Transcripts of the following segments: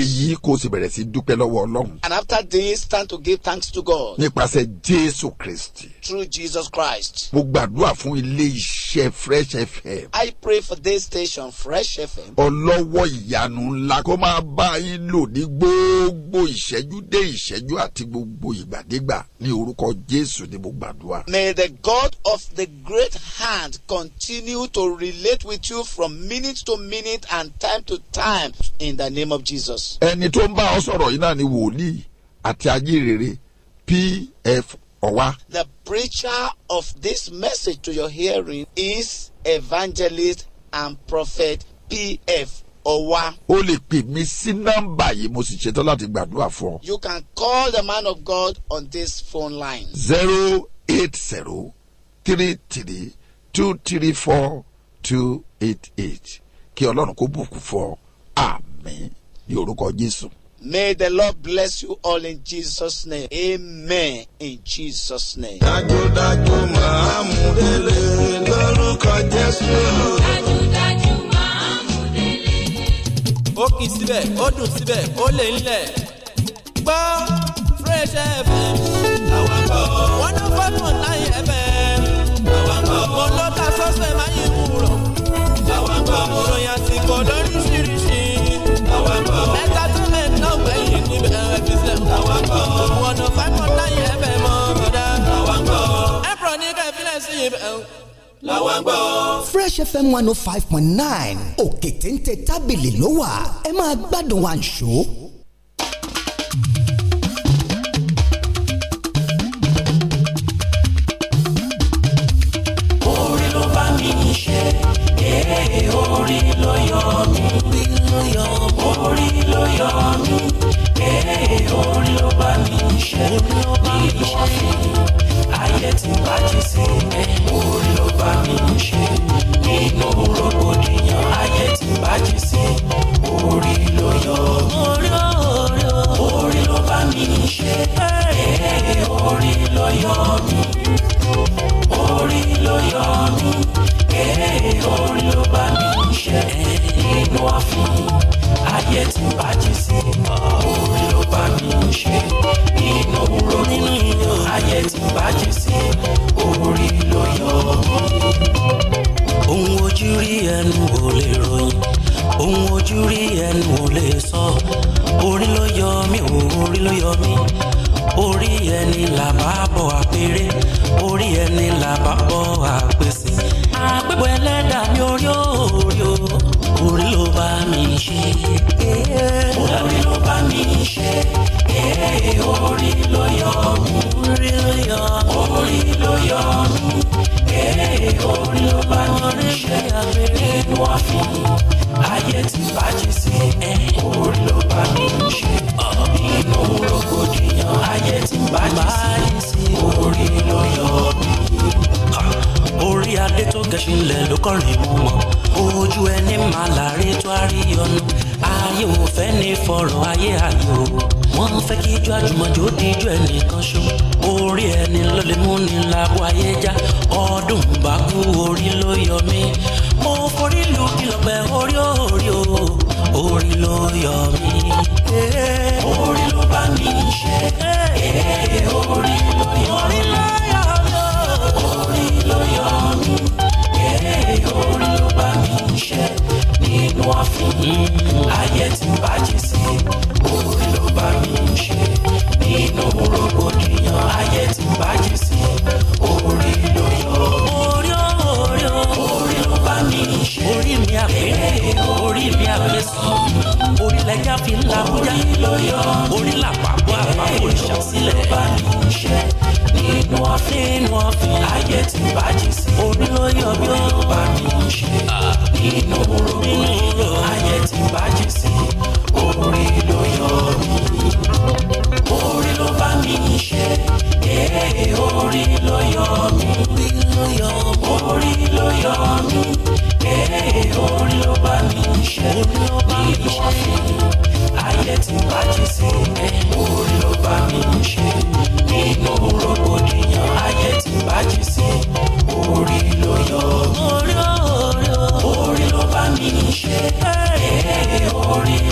is tí kò sì bẹ̀rẹ̀ sí dúpẹ́ lọ́wọ́ ọlọ́run. and after this stand to give thanks to God. nípasẹ̀ jésù kristi. through Jesus Christ. mo gbàdúrà fún ilé iṣẹ́ fresh fm. I pray for this station fresh fm. ọlọ́wọ́ ìyanu ńlá kó máa bá yín lò ní gbogbo ìṣẹ́jú dé ìṣẹ́jú àti gbogbo ìgbàdégbà ní orúkọ jésù ni mo gbàdúrà. may the God of the great hand continue to relate with you from minute to minute and time to time in the name of Jesus. ẹni ẹni tó ń bá ọ sọ̀rọ̀ yìí náà ni wòlíì àti ajírere pf ọwa. The preacher of this message to your hearing is evangelist and prophet pf ọwa. o lè pè mí sí nọ́mbà yìí mo sì ṣetán láti gbàdúrà fún ọ. You can call the man of God on this phone line. zero eight zero three three two three four two eight eight kí ọlọ́run kó bùkún fún ọ àmín ní orúkọ Jésù. May the Lord bless you all in Jesus' name. Amen. In Jesus' name. Dájúdájú màá mú délé lórúkọ Jésù. Dájúdájú màá mú délé. Ó kì í síbẹ̀, ó dùn síbẹ̀, ó lè ń lẹ̀. Gbọ́ Fresh FM. Àwọn kọ́. Wọ́n náà fọ́tún láyé ẹ̀fẹ̀. Àwọn kọ́. Mo ló ta sọ́sẹ̀ máa yí wúrọ̀. Àwọn kọ́. Mo ròyìn àsìkò lọ́wọ́. wọn ò fẹ́ kọ́ láyé ẹ bẹ́ẹ̀ mọ́ bọ́dá. làwọn ká ìfilẹ̀ sí i làwọn Fresh FM one oh five point nine òkè téńté tábìlì ló wà ẹ máa gbádùn àǹṣó. orí ló yọ mí orí ló yọ mí orí ló bá mi ṣe ìlú ọ̀fìn ayé tí bàjẹ́ sí orí ló bá mi ṣe nínú rògbòdìyàn ayé tí bàjẹ́ sí orí ló yọ mí orí ló bá mi ṣe orí ló yọ mí orí ló yọ mí ee orí ló bá mi ṣe inú àfin ayé tí bàjẹ́ sí orí ló bá mi ṣe inú rògbò ayé tí bàjẹ́ sí orí ló yọ mí. ohun ojú rí ẹnu ò lè ròyìn ohun ojú rí ẹnu ò lè sọ orí ló yọ mí orí ló yọ mí orí ẹni làbá bọ̀ àpèrè orí ẹni làbá bọ̀ àpèsè àpèbọ̀ ẹlẹ́dàá mi orí òòrí o orí ló bá mi ṣe orí ló bá mi ṣe orí ló yọ orí ló yọ orí ló yọ orí ló bá mi ṣe nínú ọ̀fìn ayé ti bàjẹ́ sí orí ló bá mi ṣe nínú rògbòdìyàn ayé tí bá yìí sí orí ló yọ mí. orí adé tó gẹṣin lẹ̀ ló kọrin mú mọ́ ojú ẹni máa láre tó àríyànnú ayé ò fẹ́ ní fọ̀rọ̀ ayé ayò wọ́n fẹ́ kí ijó ni lábọ́ ayé já ọdún bá kú mo forí lu kìlọ̀pẹ̀ orí orí o orí Yeah. Èrè orí ló yọ mí. Orí ló yọ mí. Èrè orí mi ṣe nínú ààfin. Ayé tí ń bàjẹ́ sí orí mi ṣe nínú rògbòdìyàn. Ayé tí ń bàjẹ́ sí orí ló yọ mí. Orí orí orí ló bá mi ṣe. Orí mi orílẹ̀ yá fi ń la bóyá orí làpapọ̀ àpapọ̀ ìṣàsílẹ̀ bá ní kò ń ṣe nínú ọ̀fìn nínú ọ̀fìn ayé ti bàjẹ́ sí orí ló yọ bí ó bá ní kò ń ṣe nínú orogún ayé ti bàjẹ́ sí orí ló yọ mí orí ló bá mi ṣe orí ló yọ mí orí ló yọ mí. Ee orin ló bá mi ṣe nínú àfihàn ayé tí bàjẹ́ sí orin ló bá mi ṣe nínú rògbòdìyàn ayé tí bàjẹ́ sí orin ló yọ orin ló bá mi ṣe ee orin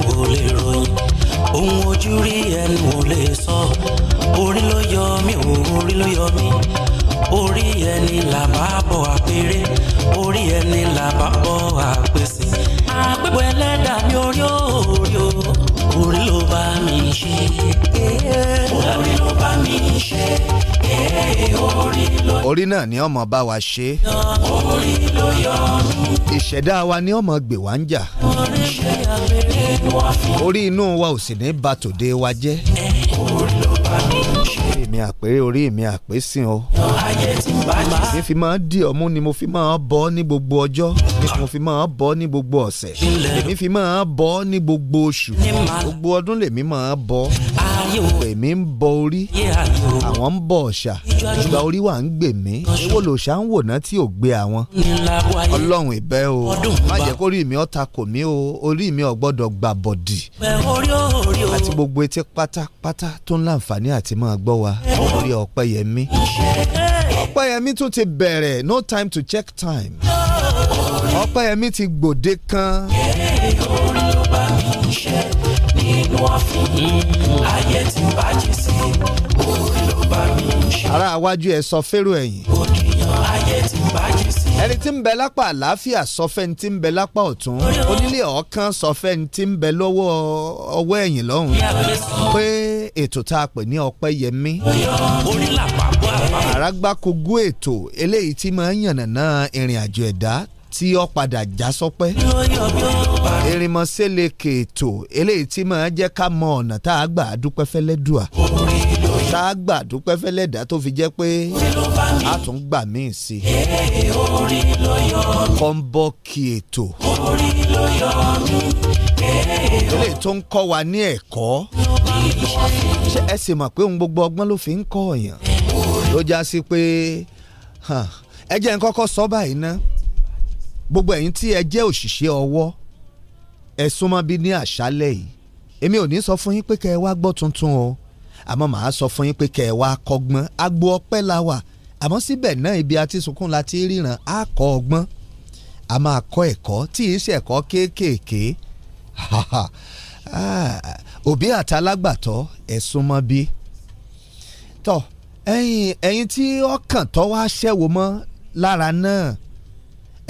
ò lè ròyìn ohun ojú rí ẹnu ò lè sọ orí ló yọ mí orí ló yọ mí orí ẹni là bá bọ̀ àpèrè orí ẹni là bá bọ̀ àpèsè àpèpọ̀ ẹlẹ́dàá mi orí orí o orí ló bá mi ṣe orí ló bá mi ṣe orí náà ni ọmọ bá wa ṣe ìṣẹ̀dá wa ni ọmọ gbé wa ń jà orí inú wa ò sì ní bà tòde wa jẹ́ orí mi àpé orí mi àpé sìn o. mi fi máa di ọmú ni mo fi máa bọ́ ní gbogbo ọjọ́ mo fi máa bọ́ ní gbogbo ọ̀sẹ̀ èmi fi máa bọ́ ní gbogbo oṣù gbogbo ọdún lèmi máa bọ́ èmi ń bọ orí àwọn ń bọ ọ̀ṣà ìgbà orí wa ń gbè mí èwo lòṣà ń wòná tí ò gbé àwọn ọlọ́run ìbẹ́ o má jẹ́ kó rí mi ọ̀ta kò mí o orí mi ò gbọ́dọ̀ gbà bọ̀dì àti gbogbo etí pátápátá tó ń láǹfààní àti máa gbọ́ wa orí ọ̀pẹ́yẹmí ọ̀pẹ́yẹmí tún ti bẹ̀rẹ̀ no time to check time ọ̀pẹ́yẹmí ti gbòde kan inú ọ̀fìn ayé ti bàjẹ́ sí orí ló bá mi ṣe. ará iwájú ẹ sọ fẹ́rù ẹ̀yìn. òdìyàn ayé ti bàjẹ́ sí. ẹni tí ń bẹ lápá àlàáfíà sọ fẹ́ni tí ń bẹ lápá ọ̀tún onílé ọ̀ọ́kán sọ fẹ́ni tí ń bẹ lọ́wọ́ ọwọ́ ẹ̀yìn lọ́hùn pé ètò tá a pè ní ọpẹ́ yẹmí. àràgbákogún ètò eléyìí tí máa ń yànnàná ìrìn àjò ẹ̀dá tí ó padà já sọpẹ́. erinmọ̀ sẹ́lẹ̀kẹ̀ ètò eléyìí tí máa jẹ́ ká mọ ọ̀nà tá a gbà dúpẹ́ fẹ́lẹ́ dùà tá a gbà dúpẹ́ fẹ́lẹ́ dà tó fi jẹ́ pé a tún gbà míì sí i. kọ́ńbọ́ọ̀kì ètò eléyìí tó ń kọ́ wa ní ẹ̀kọ́ ṣé ẹ sì mọ̀ pé ohun gbogbo ọgbọ́n ló fi ń kọ́ ọ̀yàn ló já sí pé ẹ jẹ́ n kọ́kọ́ sọ báyìí ná gbogbo ẹ̀yin tí ẹ jẹ́ òṣìṣẹ́ ọwọ́ ẹ súnmọ́ bí ní àṣálẹ̀ yìí èmi ò ní sọ fún yín pé kẹ́ ẹ wá gbọ́ tuntun o àmọ́ màá sọ fún yín pé kẹ́ ẹ wá kọ́gbọ́n agbo ọpẹ́ la wà àmọ́ síbẹ̀ náà ibi àti sunkún la ti ríran á kọ́ ọgbọ́n a máa kọ́ ẹ̀kọ́ tí í ṣe ẹ̀kọ́ kéékèèké ah, òbí àtàlágbàtọ́ ẹ súnmọ́ bí tọ́ ẹ̀yin ẹ̀yin tí ọkàn tó wá ṣẹ́wó mọ́ lára náà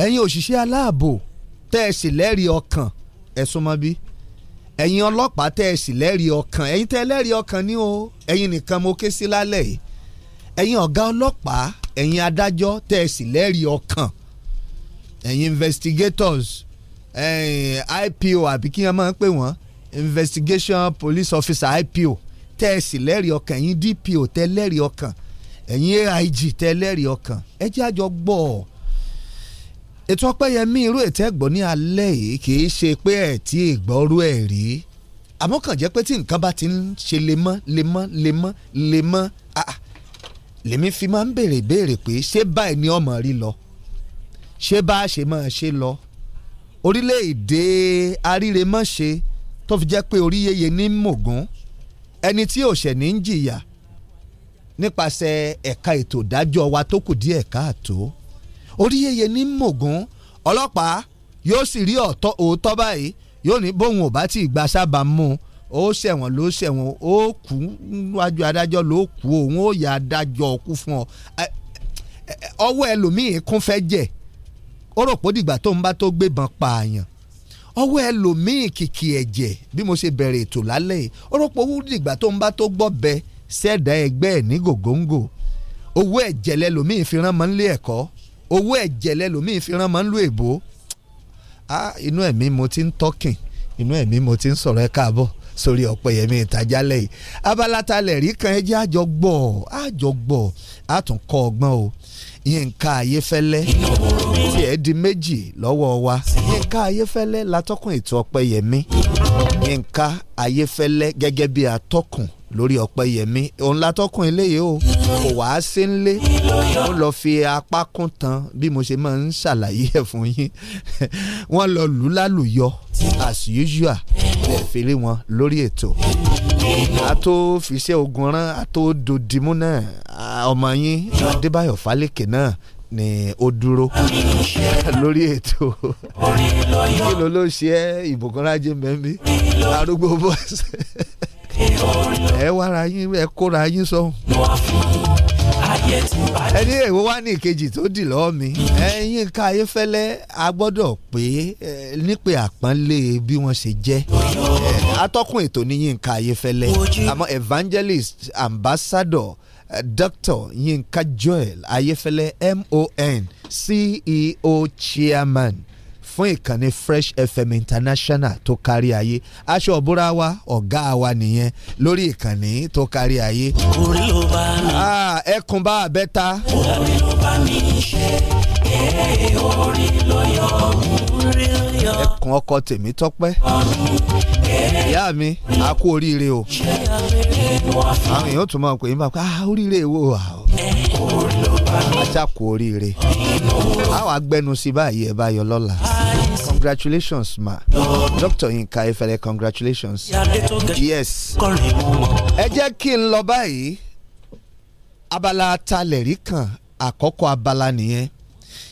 ẹ̀yin òṣìṣẹ́ aláàbò tẹ́ ẹ sì lẹ́rìí ọkàn ẹ̀sùn mọ́ bí ẹ̀yin ọlọ́pàá tẹ́ ẹ sì lẹ́rìí ọkàn ẹ̀yin tẹ́ ẹ lẹ́rìí ọkàn ní o ẹ̀yin nìkan mo ké sí lálẹ́ yìí ẹ̀yin ọ̀gá ọlọ́pàá ẹ̀yin adájọ́ tẹ́ ẹ sì lẹ́rìí ọkàn ẹ̀yin investigators ẹ̀yin eh, IPO àbí kí wọ́n máa ń pè wọ́n investigation police officer IPO tẹ́ ẹ sì lẹ́rìí ọkàn ẹ̀yin DPO tẹ́ lẹ́rìí ọkàn ẹ̀yin AIG tẹ́ lẹ́rìí ọkàn ẹ àjọ gbọ́ ọ ètò ọpẹ́yẹmí irú ètò ẹ̀gbọ́n ní alẹ́ yìí kì í ṣe pé ẹ̀ tí ìgbọ́rú ẹ̀ rí àmọ́ kàn jẹ́ pé tí nǹkan bá ti ń ṣe lemọ́ lemọ́ lemọ́ lemọ́ lèmi fi máa ń béèrè béèrè pé ṣé báyìí ni ọmọ rí lọ ṣé bá a ṣe máa ṣe lọ orílẹ̀-èdè aríremọ́ṣe tó fi jẹ́ pé orí yeye ní mògún ẹni tí òṣè ní ń jìyà nípasẹ̀ ẹ̀ka ètò ìdájọ́ wa tó kù díẹ̀ káàtó orí yẹyẹ ní mògún ọlọ́pàá yóò sì rí òótọ́ báyìí yóò ní bóun ò bá tí ì gba sábà mú ó ṣẹ̀wọ̀n ló ṣẹ̀wọ̀n ó kú níwájú adájọ́ ló kú òun ó yà adájọ́ kú fún ọ ọwọ́ ẹlòmíì kún fẹ́ jẹ́ ó rò pó dìgbà tó ń bá tó gbébọn pààyàn ọwọ́ ẹlòmíì kìkì ẹ̀jẹ̀ bí mo ṣe bẹ̀rẹ̀ ètò lálẹ́ yìí ó rò pó dìgbà tó ń bá tó gbọ́ bẹ sẹ́ẹ̀dá ẹgbẹ́ ẹ̀ ní gògóńgò owó ẹ̀jẹ̀ lẹlòmíì fi rán mọ́ nílé ẹ̀kọ́ owó ẹ̀jẹ̀ lẹ́lòmíì fi rán mọ́ ń lo èbó inú ẹ̀mí mo ti ń tọ́kìn inú ẹ̀mí mo ti ń sọ̀rọ̀ ẹ̀ káàbọ̀ sórí ọ̀pẹ̀yẹmí ìtajálẹ̀ yìí abalata lẹ̀rí kan ẹjẹ́ àjọgbọ̀ àjọgbọ̀ àtúnkọ́ ọgbọ́n o yínká ayéfẹ́lẹ́ tí ẹ di méjì lọ́wọ́ wa yínká ayéfẹ́lẹ́ látọ́kùn ètò ọ̀pẹ̀yẹmí yínká ayéfẹ́lẹ́ gẹ́gẹ́ bí atọ́kùn lórí Ọpẹ́yẹmí òun la tọkùn eléyìí o kò wá sí nlé ó lọ fi apá kún tan bí mo ṣe máa ń ṣàlàyé ẹ̀ fún yín wọ́n lọ lù lálùyọ as usual fèrè wọn lórí ètò a tó fiṣẹ́ ogun rán a tó dodimú náà ọmọ yín Adébáyọ̀ Fálékè náà ni ó dúró lórí ètò kí ló ló ṣe ìbùkún rájẹ mẹ́mí arúgbó bọ́ọ̀sì. ẹ wára yín ẹ kóra yín sọ. ẹni èwo wá ní ìkejì tó dì lọ́ọ́ mi ẹ̀yin ká ayéfẹ́lẹ́ a gbọ́dọ̀ pé nípe àpọ́nlé bí wọ́n ṣe jẹ́ atọ́kùn ètò ní Yínká Ayéfẹ́lẹ́ àmọ́ evangelist ambassador Dr. Yinka Joel Ayefele MON CEO Chairman fún ìkànnì Fresh FM International tó kárí ayé aṣọ òbúra wa ọ̀gá wa nìyẹn lórí ìkànnì tó kárí ayé. orí ló bá mi. Ah, ẹkùn bá abẹ́ta. orí ló bá mi ṣe ẹkùn ọkọ tèmi Ya mi a kú oríire o àwọn èèyàn tún máa ń pè é máa pé ah oríire wo wà ajá kú oríire àwọn agbẹnusí báyìí ẹ bá yọ lọ́la congratulations ma Dr. Yinka Efele congratulations yes ẹ jẹ́ kí n lọ báyìí abala talẹ̀rí kan àkọ́kọ́ abala nìyẹn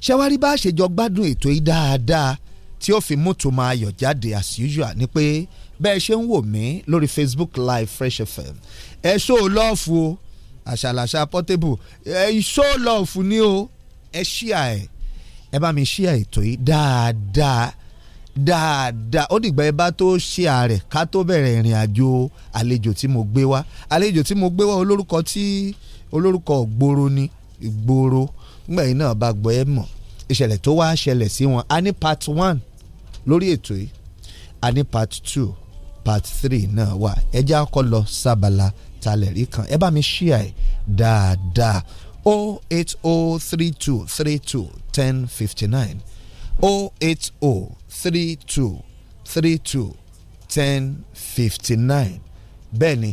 ṣé wàá rí bá àṣejọ gbádùn ètò yìí dáadáa tí ó fi mútu máa yọ̀ jáde as usual ni pé bẹ́ẹ̀ ṣe ń wò mí lórí Facebook live Fresh FM ẹ ṣó o lọ́ọ̀fù o àṣàlàṣà portable ẹ ṣó o lọ́ọ̀fù ni o ẹ ṣíà ẹ ẹ bá mi ṣíà ètò yìí dáadáa dáadáa ó dìgbà ẹ bá tó ṣe ààrẹ ká tó bẹ̀rẹ̀ ìrìn àjò àlejò tí mo gbé wá àlejò tí mo gbé wá olórúkọ tí olórúkọ ògbóró ni ìgboro gbẹ̀yìn náà bá gbọ́ ẹ mọ̀ ìṣẹ̀lẹ̀ tó wá ṣẹlẹ̀ sí wọn a ní part one lórí ètò yìí a ní part two part three náà wà ẹ jẹ́ àkọ́ lọ sábàlá talẹ̀ rí kan ẹ bá mi ṣí àì dáadáa o oh eight o oh three two three two ten fifty nine o oh eight o three two three two ten fifty nine bẹ́ẹ̀ ni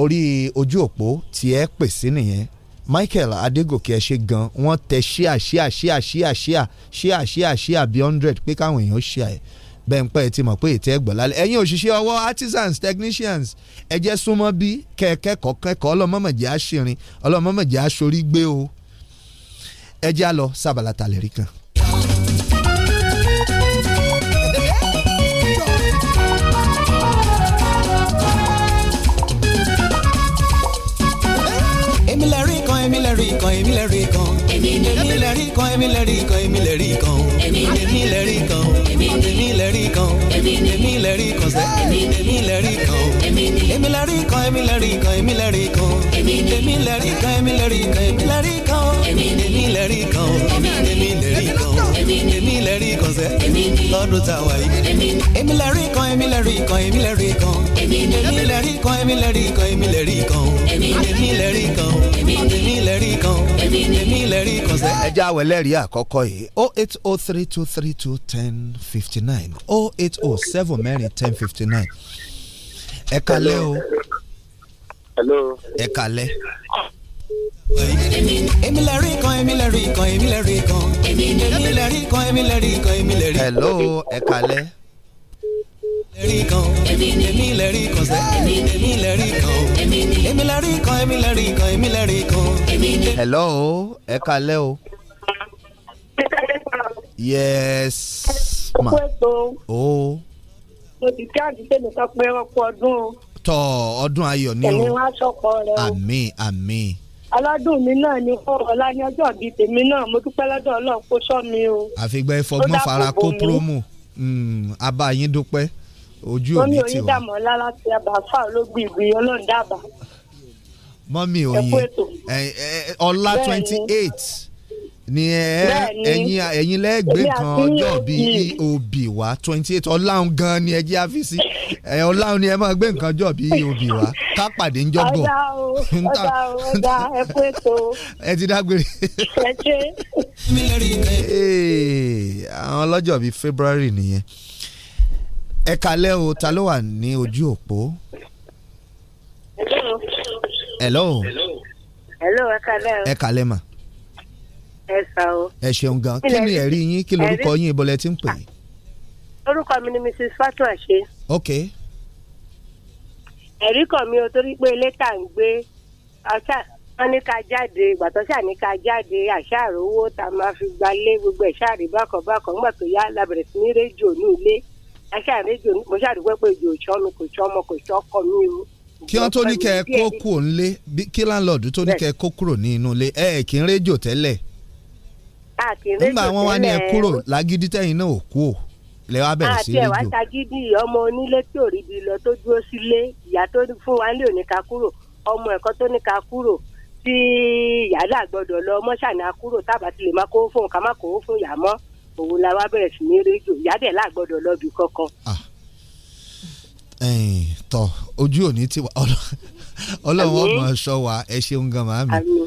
orí ojú òpó tí ẹ pèsè nìyẹn Michael Adégòkè ẹ ṣe gan wọ́n tẹ ṣíà ṣíà ṣíà ṣíà ṣíà ṣíà ṣíà ṣíà bíi hundred pé káwọn èèyàn ṣíà ẹ̀ bẹ́ẹ̀ ń pẹ́ ti mọ̀ pé ètè ẹgbọ̀n lálẹ́ ẹ̀yin òṣìṣẹ́ ọwọ́ artisans technicians ẹ jẹ́ súnmọ́ bí kẹ́kẹ́kọ̀ọ́ kẹ́kọ̀ọ́ ọlọ́mọ̀mọ̀jẹ́ àṣìrin ọlọ́mọ̀mọ̀jẹ́ àṣorí gbé o ẹ já lọ sábàlá talẹ̀ rí kan. kan emi, lè rí kan èmi lè rí kan èmi emi, rí kan èmi lè rí kan èmi emi, rí kan sẹ́ emi, lè rí kan èmi lè rí kan èmi lè kan èmi lè kan èmi lè rí kan èmi lè kan èmi lè kan èmi lè rí kan èmi lè rí kan èmi lè rí kan sẹ́ lọ́dún tá a wà yìí. èmi lè rí kan èmi lè rí kan èmi lè rí kan èmi lè rí kan èmi lè rí kan èmi lè rí kan èmi lè rí kan èmi lè rí kan èmi lè rí kan sẹ́. ẹ jẹ́ àwẹ̀ lẹ́rìí àkọ́kọ́ yìí oh eight oh three two three two ten fifty nine oh eight oh seven mẹ́rin ten fifty nine ẹ kalẹ́ o ẹ kalẹ́ èmi lè rí kan èmi lè rí kan èmi lè rí kan èmi lè rí kan èmi lè rí kan èmi lè rí kan. hello ẹ kalẹ. èmi lè rí kan sẹ́ èmi lè rí kan èmi lè rí kan èmi lè rí kan èmi lè rí kan. hello ẹ kalẹ o. yes ma o. mo ti kí àdìsẹ́ mi ká pé ọkọ̀ ọdún o. tọ ọdún ayọ̀ ni o. ẹ̀mí wá sọ̀kọ rẹ o. àmín àmín aládùn mi náà ni wọn ọlá ní ọjọ́ bíi tèmi náà mo dúpẹ́ lọ́dọ̀ Ọlọ́run kó sọ mi o. àfìgbà ìfọgbọ́n fara kó promo hmm, abá yín dúpẹ́ ojú òní tiwa. mọ́mí oyin dàmọ́ ńlá láti àbáfà olóògbé ìgbì Ọlọ́run dábàá. mọ́mí oyin ọlá twenty eight ni ẹ̀yin ẹ̀yin lẹ́gbẹ̀ẹ́ kan ọjọ́ bíi eob wa twenty eight ọláhun gan ni ẹ jẹ́ àfíìsì ẹ ọláhun ni ẹ máa gbé nǹkan jọ bíi eob wa ká pàdé ń jọ́gbọ̀. ọ̀dà ọ̀dà ẹ kú ètò. ẹ ti dágbére. ẹ ṣe. àwọn ọlọ́jọ́ bíi February nìyẹn ẹ kalẹ́ o ta ló wà ní ojú òpó. hello. hello ẹ kalẹ́ o. ẹ kalẹ́ mà ẹ sá o. ẹ ṣeun gan kí ni ẹ̀rí yín kí lorúkọ yín ibo ti ń pè. orúkọ mi ni mrs fatima ṣe. ok. ẹ̀rí kan mi ò torí pé lẹ́tà ń gbé ọ̀sà wọn ní ká jáde gbàtọ́sà ní ká jáde àṣàrò owó tá a máa fi gbalé gbogbo ẹ̀ ṣáàrí bákọ̀bákọ̀ ńgbà tó yá labẹ̀rẹ̀ sí ní rédíò ní ilé àṣàrí rédíò mo ṣàdúgbò pé ìjò ìṣọ́ mi kò ṣọ́ ọmọ kò ṣọ́ ọkọ mi o kí wọ́n tó ní kẹ́ kó kúrò nílé kí láńlọ́ọ̀dù tó ní kẹ́ kó kúrò ní inú ilé ẹ rédíò tẹ́lẹ̀ àkèrè nígbà wọn wá ní ẹ kúrò lágídí tẹ̀yin náà ò kú ò lẹ wá bẹ̀rẹ̀ sí rédíò. àti ẹ̀wá tagídí ọmọ onílé tí ò rí ibi lọ tó dúró sílé ìyá tó fún wa nílé òní ká kúrò ọmọ ẹ̀kọ́ tó ní ká kúrò tí ìyálà gbọ́dọ̀ lọ mọ́ṣáná kúrò tábà ti lè má kó fún ká má kó fún ìyá mọ́ òun la wá bẹ̀rẹ̀ sí ní rédíò ìyá dẹ̀ là gbọ́dọ̀ lọ bì kankan. tọ ojú òní ti wà ọlọ́run ọmọ ṣọ wa ẹ ṣeun gan màámi. àmín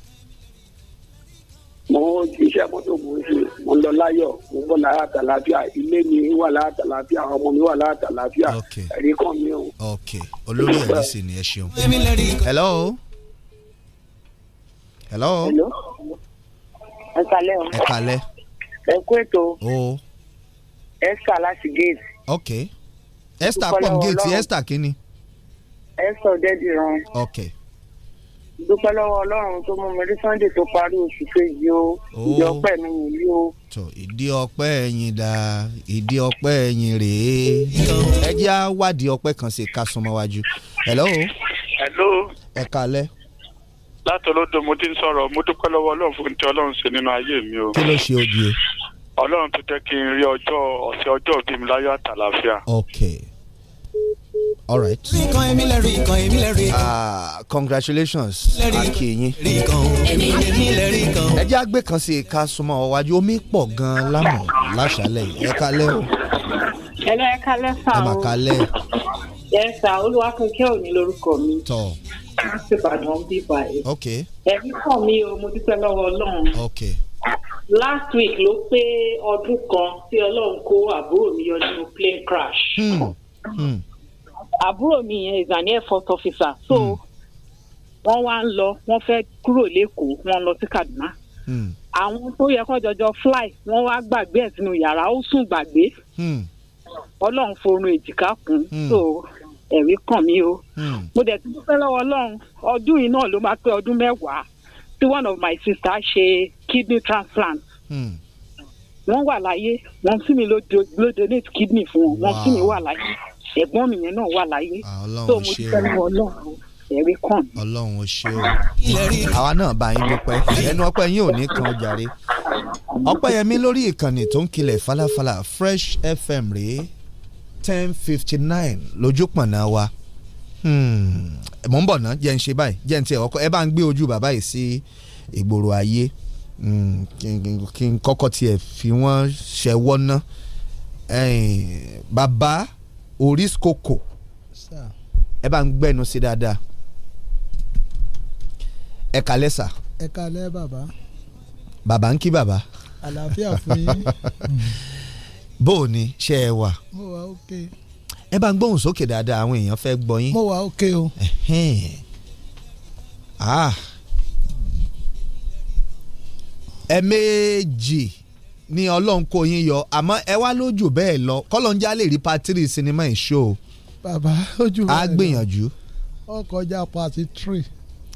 mo iṣẹ́ mọ́tò mo ń ṣe mo ń lọ láyọ̀ mo ń bọ̀ láyà àtàlàfíà ilé mi wà láyà àtàlàfíà ọmọ mi wà láyà àtàlàfíà ẹ̀rí kan mi o. ok olórí ẹ̀rí sì ni ẹ ṣeun. hello. hello. hello. ẹ kalẹ́ o. ẹ kalẹ́. ẹ kú ètò. o. esther láti gate. ok esther pọ̀ gate esther kí ni. esther ọ̀dẹ́dìran. ok. okay dúpẹ́ lọ́wọ́ ọlọ́run tó mú mi rí sunday tó parí oṣù kejì o oh. ìdí ọpẹ́ mi nìyí o. tó ìdí ọpẹ́ ẹ̀yin dá ìdí ọpẹ́ ẹ̀yin rèé ẹ jẹ́ á wádìí ọpẹ́ kan ṣe ká súnmọ́ wájú. hello. hello. ẹ kalẹ́. látọlọ́dọ̀ mo ti ń sọ̀rọ̀ mo dúpẹ́ lọ́wọ́ ọlọ́run fún ti ọlọ́run ṣe nínú ayé mi o. kí ló ṣe ojú e. ọlọ́run tó jẹ́ kí n rí ọjọ́ ọ̀sẹ̀ ọjọ́ bíi all right. ríkan ah, congratulations akinyin. èmi lè ríkan. ẹ jẹ́ àgbẹ̀ kan sí ẹ̀ka súnmọ́ ọ̀wájú omi pọ̀ gan-an lámọ̀ láṣálẹ̀ ẹ kalẹ́ o. ẹ lọ ẹ kalẹ́ fà o. ẹ mà kalẹ́. ẹ sà olúwakúnkẹ́ òní lórúkọ mi. tọ́ láti ìbàdàn bíbá yìí. ẹ̀mí kàn mí o mo dúpẹ́ lọ́wọ́ ọlọ́run. ok last week ló pé ọdún kan tí ọlọ́run kó àbúrò mi yọ nínú plane crash. Hmm. Hmm àbúrò mi yẹn is an air force officer so hmm. wọ́n wá ń lọ wọ́n fẹ́ kúrò lẹ́kọ̀ọ́ wọ́n lọ sí Kaduna hmm. àwọn tó yẹ kó jọjọ fly wọ́n wá gbàgbé ẹ̀ sínú yàrá ó sùn gbàgbé hmm. Ọlọ́run forun èjìká kún so ẹ̀rí kàn mí o mo dẹ̀ tí mo fẹ́ lọ́wọ́ Ọlọ́run ọdún yìí náà ló máa pé ọdún mẹ́wàá tí one of my sister ṣe kidney transplant. Mm wọ́n wà láyé wọ́n sì mí ló donate kidney fún wọn wọ́n sì mí wà láyé ẹ̀gbọ́n mi yẹn náà wà láyé tó ah, mo ti fẹ́ lọ ọlọ́run ẹ̀rí kàn. ọlọ́run ó ṣe o àwa náà bá yín dúpẹ́ ẹnu ọpẹ́ yín ò ní kan jàre ọpẹ́yẹmí lórí ìkànnì tó ń kilẹ̀ falafala fresh fm rèé ten fifty nine lójúpọ̀nà wa hmm. mò ń bọ̀ ná jẹ́ ń ṣe báyìí jẹ́ ń tiẹ̀ ọkọ ẹ bá ń gbé ojú bàbá yìí sí ìgboro ayé hmm. kí n kọ́kọ́ tiẹ̀ fi wọ́n ṣẹ́wọ́ ná bàbá Oríkòkò ẹ bá ń gbẹ́nu sí dáadáa ẹ kalẹ́ sà. ẹ kalẹ́ bàbá. bàbá ń kí bàbá. àlàáfíà fún yín. bó o ní ṣe ẹ wà. mo wà ok. ẹ bá ń gbóhùn sókè dáadáa àwọn èèyàn fẹ́ gbọ́ yín. mo wà ok o. Ah. ẹ méjì ní ọlọ́run kò yín yọ àmọ́ ẹ wá lójú bẹ́ẹ̀ lọ kọ́lọ́njá lè rí patiri sinimá ìṣó bàbá ojú wa á ọkọ̀ ọjà pàtí three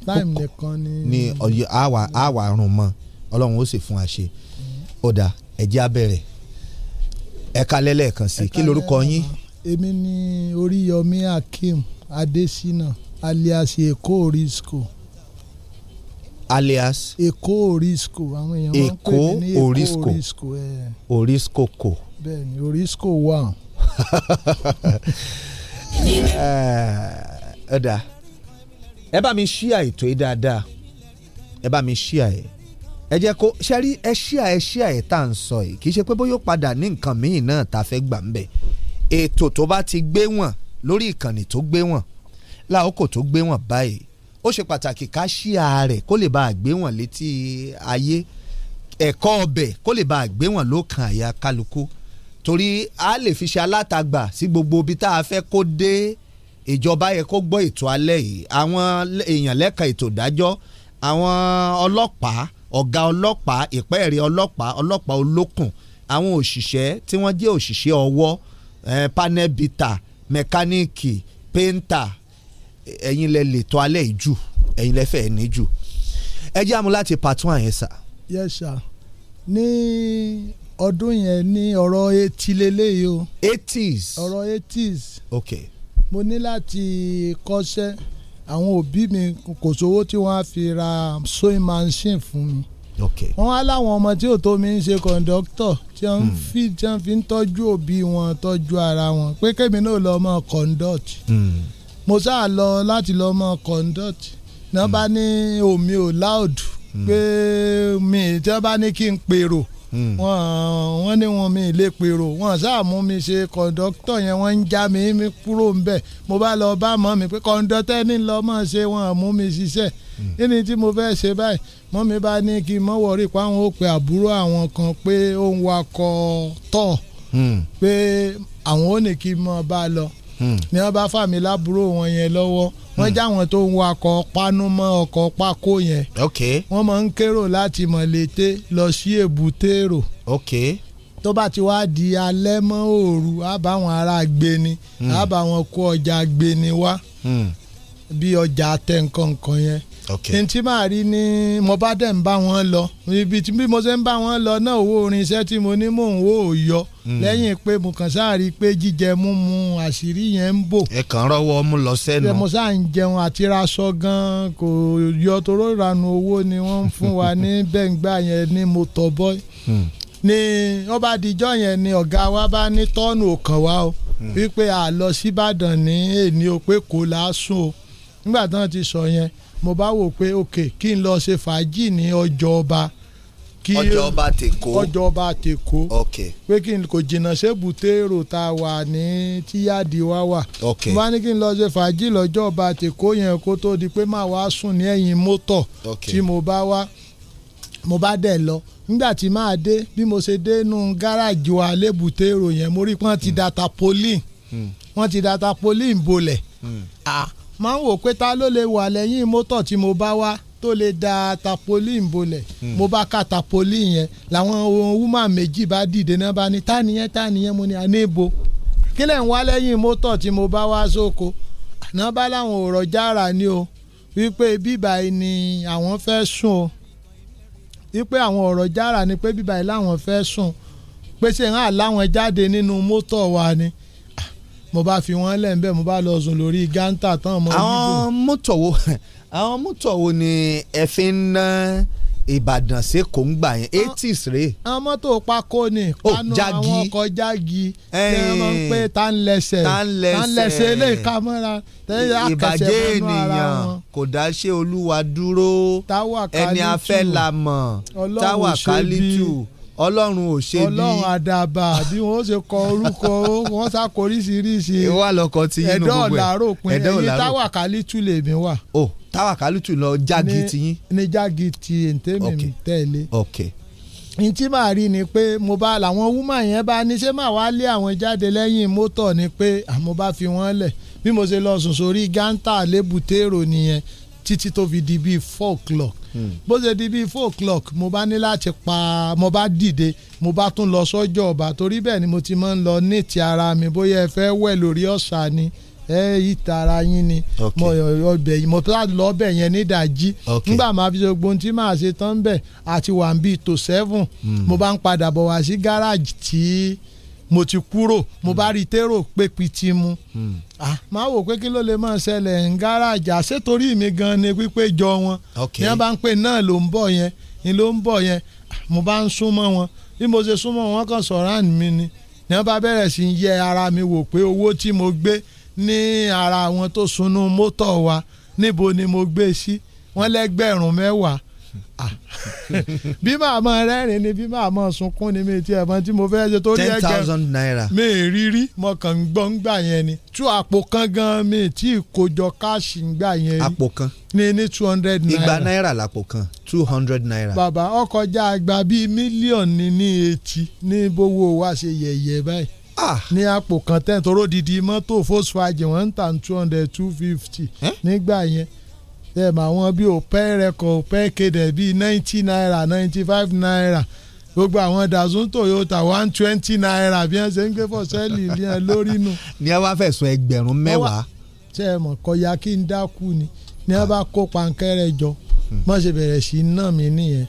time nìkan ni. ni ọyọ àwà àwà rùn mọ ọlọ́run ó sì fún wa ṣe ọ̀dà ẹ̀jẹ̀ abẹ́rẹ́ ẹ̀ka lẹ́lẹ́ẹ̀kan sí kí lorúkọ yín. èmi ni Oríyọmí Akeem Adésínà alias eko risco alias. èkó orisco àwọn èèyàn máa ń pè ní èkó orisco orisco ẹ. orisco kò. bẹ́ẹ̀ni orisco wà. ọ̀dà ẹ bá mi ṣíà ètò yìí dáadáa ẹ bá mi ṣíà ẹ̀ ẹ jẹ́ kó ṣe rí ẹ ṣíà ẹ ṣíà ẹ̀ tá à ń sọ yìí kì í ṣe pé bóyá ó padà ní nǹkan míì náà tá a fẹ́ gbà ń bẹ̀ ètò tó bá ti gbé wọ̀n lórí ìkànnì tó gbé wọ̀n láòkò tó gbé wọ̀n báyìí ó ṣe pàtàkì ká ṣíà rẹ̀ kó lè bá a gbé wọn létí ayé ẹ̀kọ́ ọbẹ̀ kó lè bá a gbé wọn lókàn àyà kálukú torí a lè fi ṣe alátagbà sí gbogbo ibi tá a fẹ́ kó dé ìjọba yẹ kó gbọ́ ètò alẹ́ yìí àwọn èèyàn lẹ́ka ètò ìdájọ́ àwọn ọlọ́pàá ọ̀gá ọlọ́pàá ìpẹ́ẹ̀rẹ̀ ọlọ́pàá ọlọ́pàá olókùn àwọn òṣìṣẹ́ tí wọ́n jẹ́ òṣìṣẹ́ ọwọ́ panel beater mẹkáníìkì péńtà ẹ̀yin lẹ lè tọ́ alẹ́ ìjù ẹ̀yin lẹ fẹ́ ní jù ẹ jẹ́ àmú láti pàtó àyẹn sà. yes sir ní ọdún yẹn ní ọ̀rọ̀ etí leléyìí o. eighties. ọ̀rọ̀ eighties. ok. mo ní láti kọ́ṣẹ́ àwọn òbí mi kò sówó tí wọ́n á fi ra sewing machine fún mi. ok. wọ́n á láwọn ọmọ tí ò tó mi ń ṣe kọ̀ǹdọ́tọ̀ tí wọ́n hmm. fi tí wọ́n fi ń tọ́jú òbí wọn tọ́jú ara wọn pé kémi náà lọ́ọ́ mọ́ conduct. Mm mo sáà lọ láti lọ mọ conduct ní wọ́n bá hmm. ní omi ò loud hmm. pé mi tí wọ́n bá ní kí n pèrò hmm. wọ́n ní wọn mi lè pèrò wọ́n sáà mú mi ṣe kọ̀ǹdọ́tọ̀ yẹn wọ́n ń já mi mi kúrò ń bẹ̀ mo bá lọ bá mọ́ mi pé kọ̀ǹdọ́tẹ́ ní lọ mọ́ ṣe wọ́n mú mi ṣiṣẹ́ kíni tí mo fẹ́ ṣe báyìí mọ́ mi bá ní kí n mọ́ wọ̀rí pa àwọn òpè àbúrò àwọn kan pé ó ń wakọ̀ tọ̀ pé àwọn ò ní kí n mọ́ bá lọ Hmm. ni wọ́n bá fàmì lábúrò wọn yẹn lọ́wọ́ wọ́n hmm. já wọn tó ń wakọ̀ panu mọ́ ọkọ̀ pákó yẹn wọ́n máa ń kérò láti mọ̀lété lọ sí èbútéèrò tó bá ti wá di alẹ́ mọ́ òru á bá wọn ará gbé á hmm. bá wọn kó ọjà gbé wá bí ọjà tẹ nǹkan nǹkan yẹn ntí máa rí ni mo bá dẹ̀ ń bá wọn lọ ibi tí mo ṣe ń bá wọn lọ náà owó orin iṣẹ́ tí mo ní mò ń wò ó yọ hmm. lẹ́yìn pé mo kàn sáà rí i pé jíjẹ múmu àṣírí yẹn ń bò. ẹ kàn rọwọ mú lọ sẹ́nu. mo sáà ń jẹun àti raṣọ gan kò yọ toró ìranu owó ni wọ́n ń fún wa ní bẹ́ǹgbà yẹn ní motor boy ni wọ́n bá dijọ́ yẹn ni ọ̀gá wa bá ní tọ́ọ̀nù ọ̀kan wa o hmm. wípé a lọ síbàdàn ní èní o pé kò láásùn o nígbà tí wọ́n ti sọ yẹn mo bá wò pé ok kí n lọ ṣe fàájì ní ọjọ́ ọba kí ọjọ́ ọba tèkó ọjọ́ ọba tèkó ok pé kí n kò jìnnà sébùté èrò tá wà ní tíyáàdì wa wà ok mo bá ní kí n lọ ṣe fàájì lọ́jọ́ ọba tèkó yẹn kó tó di pé máa wá sùn ní ẹ̀yìn mọ́tọ̀ tí mo bá wá mo bá dẹ̀ lọ nígbà tí máa dé bí mo ṣe dé nú gáràjì wa lébùté yẹn mo rí pọ́n ti da hmm. tapolin hmm. wọ́n ti da tapolin bolẹ̀ ah máa ń wò pé ta ló lè wà lẹ́yìn mọ́tò tí mo bá wá tó lè da tapoli ń bolẹ̀ hmm. mo bá ka tapoli yẹn làwọn woman méjì bá dìde náà bá ní ta nìyẹn ta nìyẹn mo ní àníbo kílẹ̀ ń wá lẹ́yìn mọ́tò tí mo bá wá sóko àná bá láwọn ò rọjá rà ni o wípé bíbá yìí ni àwọn fẹ́ sùn o wípé àwọn ò rọjá rà ni pé bíbá yìí làwọn fẹ́ sùn pé ṣe láwọn jáde nínú mọ́tò wa ni. Mm mo bá fi wọ́n lẹ̀ ń mo bá lọ sùn lórí gántà tán mọ́. àwọn mọ́tò àwọn mọ́tò ni ẹ fi ń ná ìbàdàn sí kòńgbà yẹn eighties rè. àwọn mọ́tò pákó ni kanu oh, àwọn ọkọ̀ jági ṣé wọ́n ń pè tá ń lẹ́sẹ̀ tá ń lẹ́sẹ̀ lè ka mọ́ra tẹ́lẹ̀ àkẹsẹ̀ kò dá olúwa dúró ẹni afẹ́ la mọ̀ táwa kálítù ọlọ́run ò ṣe bí ọlọ́run àdàbà bí wọ́n ṣe kọ orúkọ wọ́n sá koríṣiríṣi ìwà lọkọ ti yín nu gbogbo ẹ̀ ẹ̀dọ́ ọ̀làrò pin ẹ̀yìn táwà kálítù lèmi wà. o táwà kálítù lọ jági ti yín. ní jági ti èntèmi tẹ̀lé. ok n tí màá rí ni pé mo bá làwọn wúmà yẹn bá ní ṣé màá wá lé àwọn jáde lẹ́yìn mọ́tò ni pé àmọ́ bá fi wọ́n lẹ̀ bí mo ṣe lọ sùn sórí gántà lébùtérò nìyẹn títí tó fi di bíi four o'clock bó ṣe di bíi four o'clock mo bá ní láti pa mo bá dìde mo bá tún lọ sọ́jọ́ ọba torí bẹ́ẹ̀ ni mo ti máa ń lọ ní ti ara mi bóyá ẹ fẹ́ wẹ̀ lórí ọ̀sà ni ẹ ìtara yín ni mo ọbẹ̀ yìí mo fẹ́ lọ ọbẹ̀ yẹn nídàájí nígbà máa fi ṣogbo tí màá ṣe tán bẹ̀ àti wà ń bíi tó seven hmm. mo bá ń padà bọ̀ wá sí gáràjì tí mo ti kúrò mo hmm. bá rí térò pé pitì mu hmm. máa wò pé kí ló lè máa ṣẹlẹ̀ ń gáràjì àṣetorí mi gan ni pípé jọ wọn ní wọn bá ń pè náà ló ń bọ̀ yẹn ni ló ń bọ̀ yẹn mo bá ń súnmọ́ wọn bí mo ṣe súnmọ́ wọn kàn sọ̀rọ̀ àná mi ni ní wọn bá bẹ̀rẹ̀ sí yẹ ara mi wò pé owó tí mo gbé ní ara àwọn tó sunú mọ́tò wa níbo ni mo gbé sí wọn lẹ́gbẹ̀rún mẹ́wàá Ah. bí màá mọ rẹ́rìn ni bí màá mọ sunkún ni mi ti ẹ̀ mọ tí mo fẹ́ ṣe tó rí ẹgbẹ́ ten thousand naira mi rírí mo kàn ń gbọ́ ń gbà yẹn ni tú àpò kan gan mi tí ìkójọ káàṣì ń gbà yẹn rí àpò kan ní ní two hundred naira igba náírà làpò kan two hundred naira. bàbá ọkọjá àgbà bíi mílíọ̀nù ní etí ní bówó wa ṣe yẹ̀yẹ̀ báyìí ah. ní àpò kan tẹ̀ tó ròdìdí mọ́tò Volkswagen wọ́n ń tà two hundred two fifty nígbà yẹn ẹ mà wọn bí òpẹ́ rẹkọ̀ òpẹ́ kéde bíi ninety naira ninety five naira gbogbo àwọn dazun toyota one twenty naira bí wọ́n ṣe ń gbé fọ́ sẹ́ẹ̀lì yẹn lórí nu. ní ẹ wá fẹ̀sùn ẹgbẹ̀rún mẹ́wàá. ṣé ẹ mọ̀ kọ́ya kí n dákú ni ní ẹ bá kó pankẹ́rẹ́ jọ mọ̀ hmm. ṣe bẹ̀rẹ̀ sí náà mi nìyẹn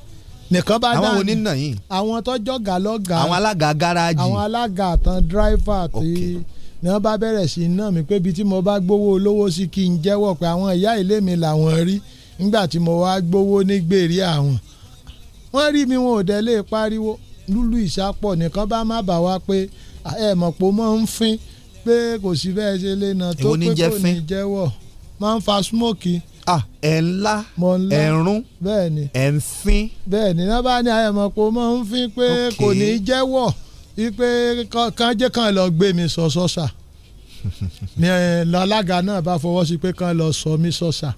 nìkan bá dáhùn àwọn onínà yìí àwọn tọjọ gàlọgà àwọn alága gáràjì àwọn alága àtàn dráìfà àti. Okay ni wọ́n bá bẹ̀rẹ̀ sí iná mi pé bí tí mo bá gbowó olówó sí kí n jẹ́wọ́ pé àwọn ìyá ilé mi làwọn rí nígbà tí mo wá gbowó ní gbèrè àwọn wọ́n rí mi wọn ò dẹ̀ lè pariwo lúlú ìsápọ̀ nìkan bá má bà wá pé ẹ mọ̀ pé ó máa ń fín pé kò sí bẹ́ẹ̀ ṣe lè nà tó pé kò ní jẹ́wọ́ máa ń fa smoke ah ńlá ẹ̀ rún bẹ́ẹ̀ ń fín bẹ́ẹ̀ ni náà bá ní ayẹ̀mọ̀ pé ó máa ń fín pé kò ní jẹ́wọ́. Okay ipe kan jẹ́ kan lọ gbé mi sọ sọ́sà ni alága eh, náà bá fọwọ́ sí pé kan lọ sọ mí sọ́sà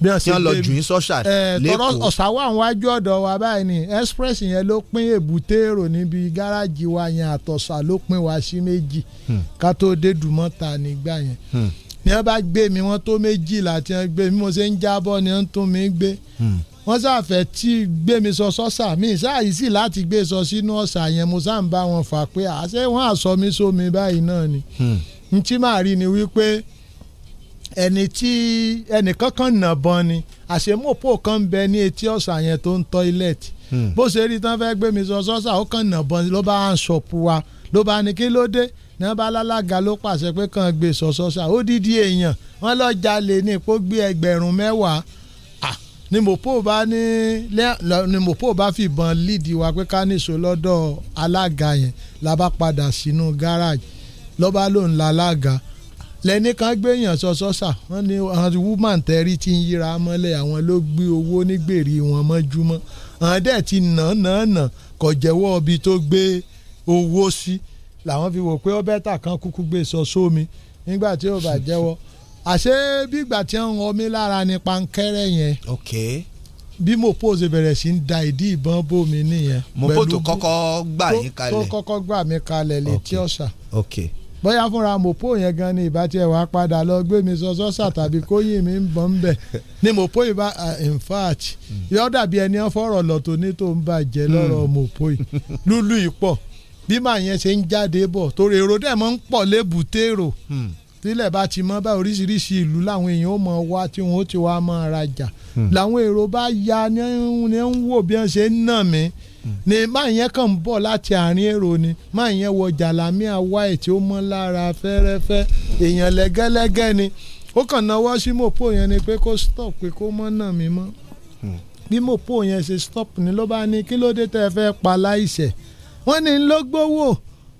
bí wọ́n ṣe lọ jù yín sọ́sà eh, lẹ́kọ̀ọ́ tọrọ ọ̀sà wà wájú ọ̀dọ̀ wa báyìí ni express yẹn ló pín èbúté èrò níbi gáràjì wa yẹn àtọ̀sà ló pín wa sí méjì hmm. ká tó dé dùmọ́ta nígbà yẹn hmm. ni wọ́n bá gbé mi wọ́n tó méjìlá tí wọ́n gbé mi mo ṣe ń jábọ́ ni wọ́n tún mi gbé hmm wọ́n ṣàfẹ́ tí gbé mi sọ sọ́sà mi ṣáàyí sì láti gbé sọ sínú ọ̀sà yẹn mo ṣáà ń bá wọn fà pé àṣẹ wọn àṣọ mi sómi báyìí náà ni hmm. n tí màá rí ni wípé ẹni tí ẹnì kankan nà bọ́n ni àṣemọ́pọ̀ kan ń bẹ ní etí ọ̀sà yẹn tó ń tọ́ ilẹ̀ tì hmm. bó ṣe rí tán fẹ́ gbé mi sọ sọ́sà ó kàn nà bọ́n ló bá ń ṣọ̀pù wa ló bá ní kí ló dé náà bá lálága ló pàṣẹ pé kàn gbé sọ sọ́sà ó dídí èèyàn wọ́n lọ́ọ́ jalè ní ipò gbé ẹgbẹ̀rún mẹ́wàá ni mopo bá ní ni mopo bá fi ìbọn lídìí wa pé ká nìṣó lọ́dọ̀ alága yẹn la bá padà sínú gáràjì lọ́ba lòun la alága lẹ́ni kan gbéyàn sọ́sọ́sà wọ́n ní woman tẹ́rí ti ń yíra mọ́lẹ̀ àwọn ló gbé owó nígbèrè wọn mọ́júmọ́ àwọn dẹ̀ ti nà nà nà kò jẹ́wọ́ ibi tó gbé owó sí làwọn fi wò pé ó bẹ́tà kan kúkú gbé sọ sómi nígbà tí ó bá jẹ́wọ́ àṣé bí ìgbà tí ń wọ mi lára ni pankẹ́rẹ́ yẹn. ok bí mo pose bẹ̀rẹ̀ sí ń da ìdí ìbọn bò mí nìyẹn. mo pò tó kọ́kọ́ gbà yín kalẹ̀ tó kọ́kọ́ gbà mí kalẹ̀ létí ọ̀sà. ok, okay bóyá fúnra mòpó yẹn gan ni ìbá tiẹ̀ wá padà lọ gbé mi sọ sọ́sà tàbí kóyìn mi ń bọ̀ ń bẹ̀ ni mòpó yìí bá in fact hmm. yọ dàbí ẹni ọ̀fọ̀rọ̀ lọ́tọ̀ ní tó ń bàjẹ́ hmm. lọ́rọ̀ mòpó yìí lúlú ìpọ̀ bí màá yẹn ṣe ń jáde bọ̀ torí èrò dẹ̀ mọ́ ń pọ̀ lébùté tílẹ̀ bá ti mọ́ bá oríṣiríṣi ìlú làwọn èèyàn ó mọ̀ wá tí wọ́n ó ti wá mọ́ rajà hmm. làwọn èrò bá ya ní ń wò bí wọ́n ṣe ń nà mí hmm. ni máa yẹn kàn ń bọ̀ láti àárín èrò ni máa yẹn wọ jàlámíà wáì tí ó mọ́ lára fẹ́rẹ́fẹ́ èèyàn lẹ́gẹ́lẹ́gẹ́ ni ó kàn náwó sí mòpó yẹn ni pé kó stop pé kó mọ́ nà mí mọ́ hmm. bí mòpó yẹn ṣe stop ni ló bá ní kí ló dé tẹ́ fẹ́ pa láìṣẹ̀ wọ́n ní ń lọ gbówó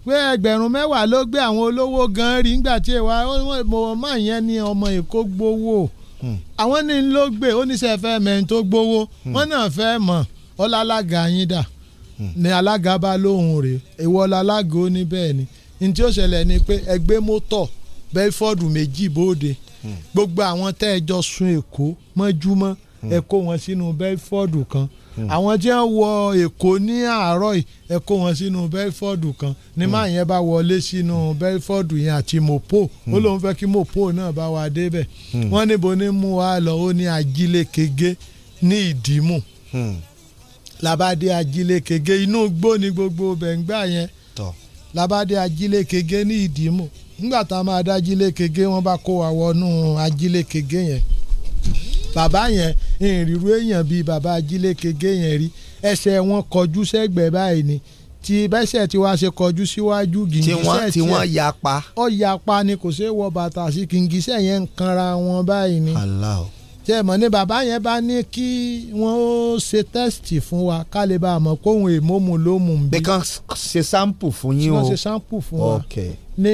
pé ẹgbẹ̀rún mẹ́wàá ló gbé àwọn olówó gan rí nígbà tí èwa mo mọ̀ yẹn ni ọmọ èkó gbowó hmm. àwọn ní ló gbé oníṣẹ́ fẹ́ mẹ́rin tó gbowó hmm. wọ́n náà fẹ́ mọ̀ ọlálága yín dà hmm. ni alága bá lóhùn rè ìwọ ọlálága ó ní bẹ́ẹ̀ ni ní tí ó ṣẹlẹ̀ ni pé ẹgbẹ́ mọ́tọ̀ Belford méjì bóde gbogbo àwọn tẹ́ ẹ sun Èkó mọ́júmọ́ ẹ kó wọn sínú Belford kan. Hmm. àwọn tí wọ́n wọ èkó ní àárọ̀ yìí ẹ kó wọn sínú Bedford kan ní máa hmm. yẹn bá wọlé sínú Bedford yẹn àti mopo hmm. ó lóun fẹ́ kí mopo náà bá wa débẹ̀ wọ́n níbo ní mú wa lọ ó ní ajílékege ní ìdìmú labade ajílékege inú gbó ni gbogbo bẹ̀ngbà yẹn labade ajílékege ní ìdìmú nígbà tá a máa dá ajílékege wọ́n bá kó wa wọnú ajílékege yẹn bàbá yẹn ìrìrú èèyàn bíi bàbá ajílékege yẹn rí ẹsẹ̀ wọn kọjú sẹ́gbẹ̀ẹ́ báyìí ni tí bẹ́sẹ̀ tí wàá ṣe kọjú síwájú gìngísẹ̀ tí wọ́n yapa. ó yapa ni kò ṣeé wọ bàtà sí gìngísẹ̀ yẹn ń kanra wọn báyìí ni. Allah tẹ́ ẹ mọ̀ ní bàbá yẹn bá ní kí wọ́n ó ṣe tẹ́sítì fún wa ká lè bá a mọ̀ kóhun èmómù ló mú un bí. bí kan ṣe sáǹpù fún yín o. wọ́n ṣe sáǹpù fún wa ni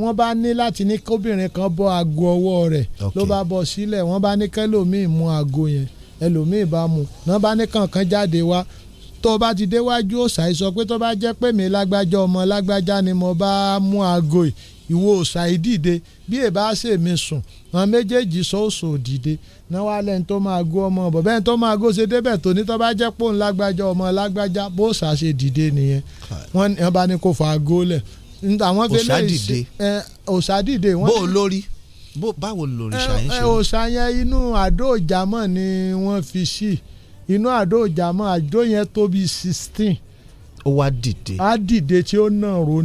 wọ́n bá ní láti ní kóbìnrin kan bọ́ aago ọwọ́ rẹ̀ ló bá bọ́ sílẹ̀ wọ́n bá ní kẹ́lòmíì mú aago yẹn ẹlòmíì bá mu náà bá ní kankan jáde wá tó bá ti déwájú òòsà yìí sọ pé tó bá jẹ́ pé mi lágbájá ọmọ lágbájá ni mo bá mú aago ìwọ òòsà yìí dìde bí èbá ṣèmi sùn wọn méjèèjì sọ òòsà òdìde náà wá lẹ́ni tó máa gó ọmọ bọ̀ bẹ́ẹ̀ tó máa gó ṣe débẹ̀ tó ní tó bá jẹ́ pò lágbájá ọmọ lágbájá bó ṣàṣe dìde nìyẹn wọ́n bá ní kó fa agó lẹ̀ àwọn fẹlẹ́ òṣàdìde òṣàdìde bó o lórí báwo lórí ṣàyẹn ṣe. òṣà yẹn inú àdó ni wọ́n fi sí inú àdó àdó yẹn tóbi sixteen. ó wá dìde. á dìde tí ó náà ro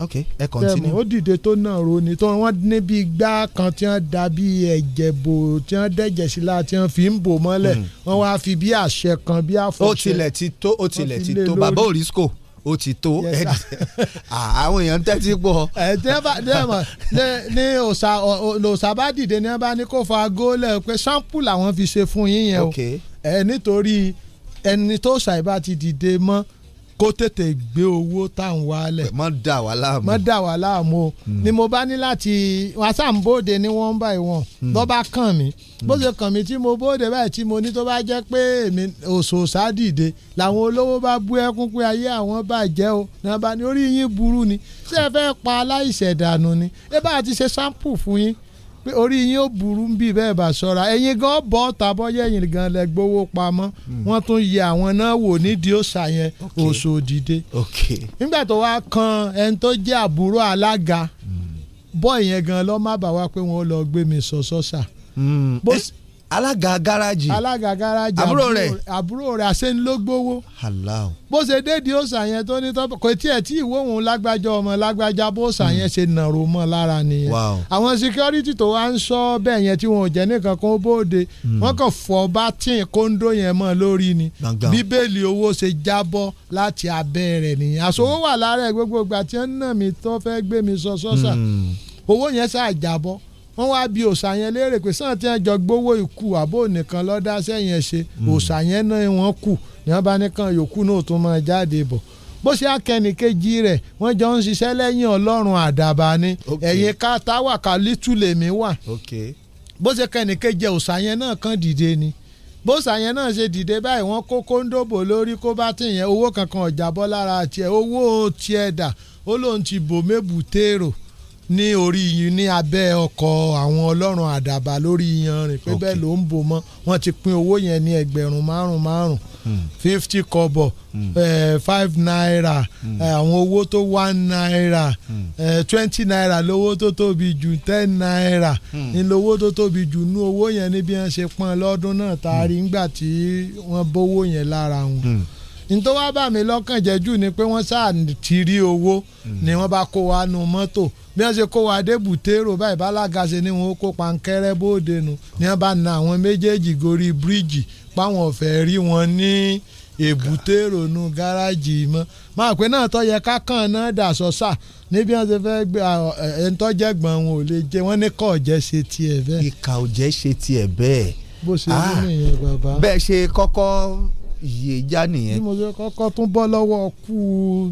ok ẹ continue. ó dìde tó náà roni tó wọ́n níbi gbá kan tí wọ́n da bí ẹ̀jẹ̀ bò tí wọ́n dẹ̀jẹ̀ sí la tí wọ́n fi ń bò mọ́lẹ̀ hmm. wọ́n wá fi bí àṣẹ kan bí àfọ̀ṣẹ. ó tilẹ̀ ti tó ó tilẹ̀ ti tó bàbá òrìṣkò ó ti tó àwọn èèyàn ń tẹ́tí pọ̀. ẹ dẹ́bà dẹ́mà ní òòsà òòsà bá dìde ní wọ́n bá ní kó fa góòlẹ̀ pé sample làwọn fi ṣe fún yín yẹn o ẹ nítorí ẹni tó ṣàìbá ti dìde mọ́ kó tètè gbé owó tá à ń wálẹ̀. mọ dà wá láàmú. mọ dà wá láàmú o hmm. ni mo bá ní láti wàsàn bóde ní wọ́n bá ìwọ̀n lọ́ bá kàn mí hmm. bó ṣe kàn mí tí mo bóde báyìí tí mo ní tó bá jẹ́ pé èmi òṣòṣà dìde làwọn olówó bá bú ẹkún pé ayé àwọn bàjẹ́ o ní abá orí yín burú ni ṣé ẹ fẹ́ pa aláìṣẹ̀dànù ni ẹ bá ti ṣe sample fún yín pé orí yín ó burú bí bẹ́ẹ̀ bá ṣọ́ra ẹ̀yin gan bọ́ tàbọ̀ yẹ̀yìn gan lẹ gbowó pamọ́ hmm. wọ́n tún yẹ àwọn náà wò nídìí òòṣà yẹn oṣù dìde. nígbà tó wá kan ẹni tó jẹ́ àbúrò alága hmm. bọ́ ìyẹn gan lọ́ má bà wá pé wọ́n lọ gbé mi sọ sọ́sà. Hmm alága gáràjì alága gáràjì àbúrò rẹ àbúrò rẹ àṣẹnilógbówó aláwọ. bó ṣe dédìí òòsàn yẹn tó ní tọ́pọ̀ kò tiẹ̀ tí ìwé òun lágbájá ọmọ lágbájá bó ṣàn hmm. yẹn ṣe nàró mọ́ lára nìyẹn. àwọn security tó wá ń sọ bẹ́ẹ̀ yẹn tí wọn ò jẹ́ nìkan kan ó bóde hmm. wọ́n kàn fọ́ bá tíì kóńdó yẹn mọ́ lórí ni bíbélì owó ṣe jábọ́ láti abẹ́ rẹ̀ nìyẹn àṣòwò wà lára gbogbo mi sọ sọ́sà hmm. owó yẹn ṣáà jábọ́ wọ́n wá bi òòṣà yẹn léèrè pé sáà tí wọ́n jọ gbowó ikú àbó nìkan lọ́dá sẹ́yìn ẹ̀ ṣe hmm. òòṣà yẹn náà wọ́n kù ni wọ́n bá nìkan yòókù náà tó máa jáde bọ̀ bó ṣe akẹ́nìkejì rẹ̀ wọ́n jọ ń ṣiṣẹ́ lẹ́yìn ọlọ́run àdàbà ni ẹ̀yìn ká táwà ká lítú lèmi wà bó ṣe kẹ́nìkejì òòṣà yẹn náà kàn dìde ni bó ṣàyẹn náà ṣe dìde báyìí wọ́n kó kóńdòbò lórí kó bá ti yẹn owó kankan ọ̀jà bọ́ lára tiẹ̀ owó tiẹ̀ dà ó lóun ti bò mébùtérò ní orí yín ní abẹ́ ọkọ̀ àwọn ọlọ́run àdàbà lórí yanrìn pé bẹ́ẹ̀ ló ń bò mọ́ wọ́n ti pín owó yẹn ní ẹgbẹ̀rún márùn-ún márùn-ún hmm. fifty kọ́bọ̀ hmm. five naira hmm. àwọn owó tó one naira twenty naira lówó tó tóbi jù ten naira ní lówó tó tóbi jù nú owó yẹn ní bí wọ́n ṣe pọ́n lọ́dún náà tá a rí nígbà tí wọ́n bówó yẹn lára wọn. Mm nítorí wàá bà mí lọ́kàn jẹ́ jù ni pé wọ́n sáà ti rí owó ni wọ́n bá kó wa nu mọ́tò bí wọ́n ṣe kó wa dé bùtérò báyìí bálága ṣe ni wọ́n kó pankẹ́rẹ́ bóde nu ni wọ́n bá na àwọn méjèèjì gorí bíríìjì páwọn ọ̀fẹ́ rí wọn ní èbútérò nu gáràjì mọ́ máa pé náà tọ́ yẹ ká kàn náà dà sọ́sà níbi wọn ṣe fẹ́ gbé ẹni tó jẹ́ gbọ̀n wọn ò lè jẹ wọ́n ní kà ọ̀jẹ́ ṣe tiẹ̀ bẹ́ẹ̀. ìkà ọ̀jẹ́ ṣe tiẹ̀ bẹ́ẹ̀. bó ṣe rí ah, nìyẹn bàbá. bẹ́ẹ̀ ṣe kọ́kọ́ iye já nìyẹn. bí mo ṣe kọ́kọ́ tún bọ́ lọ́wọ́ kú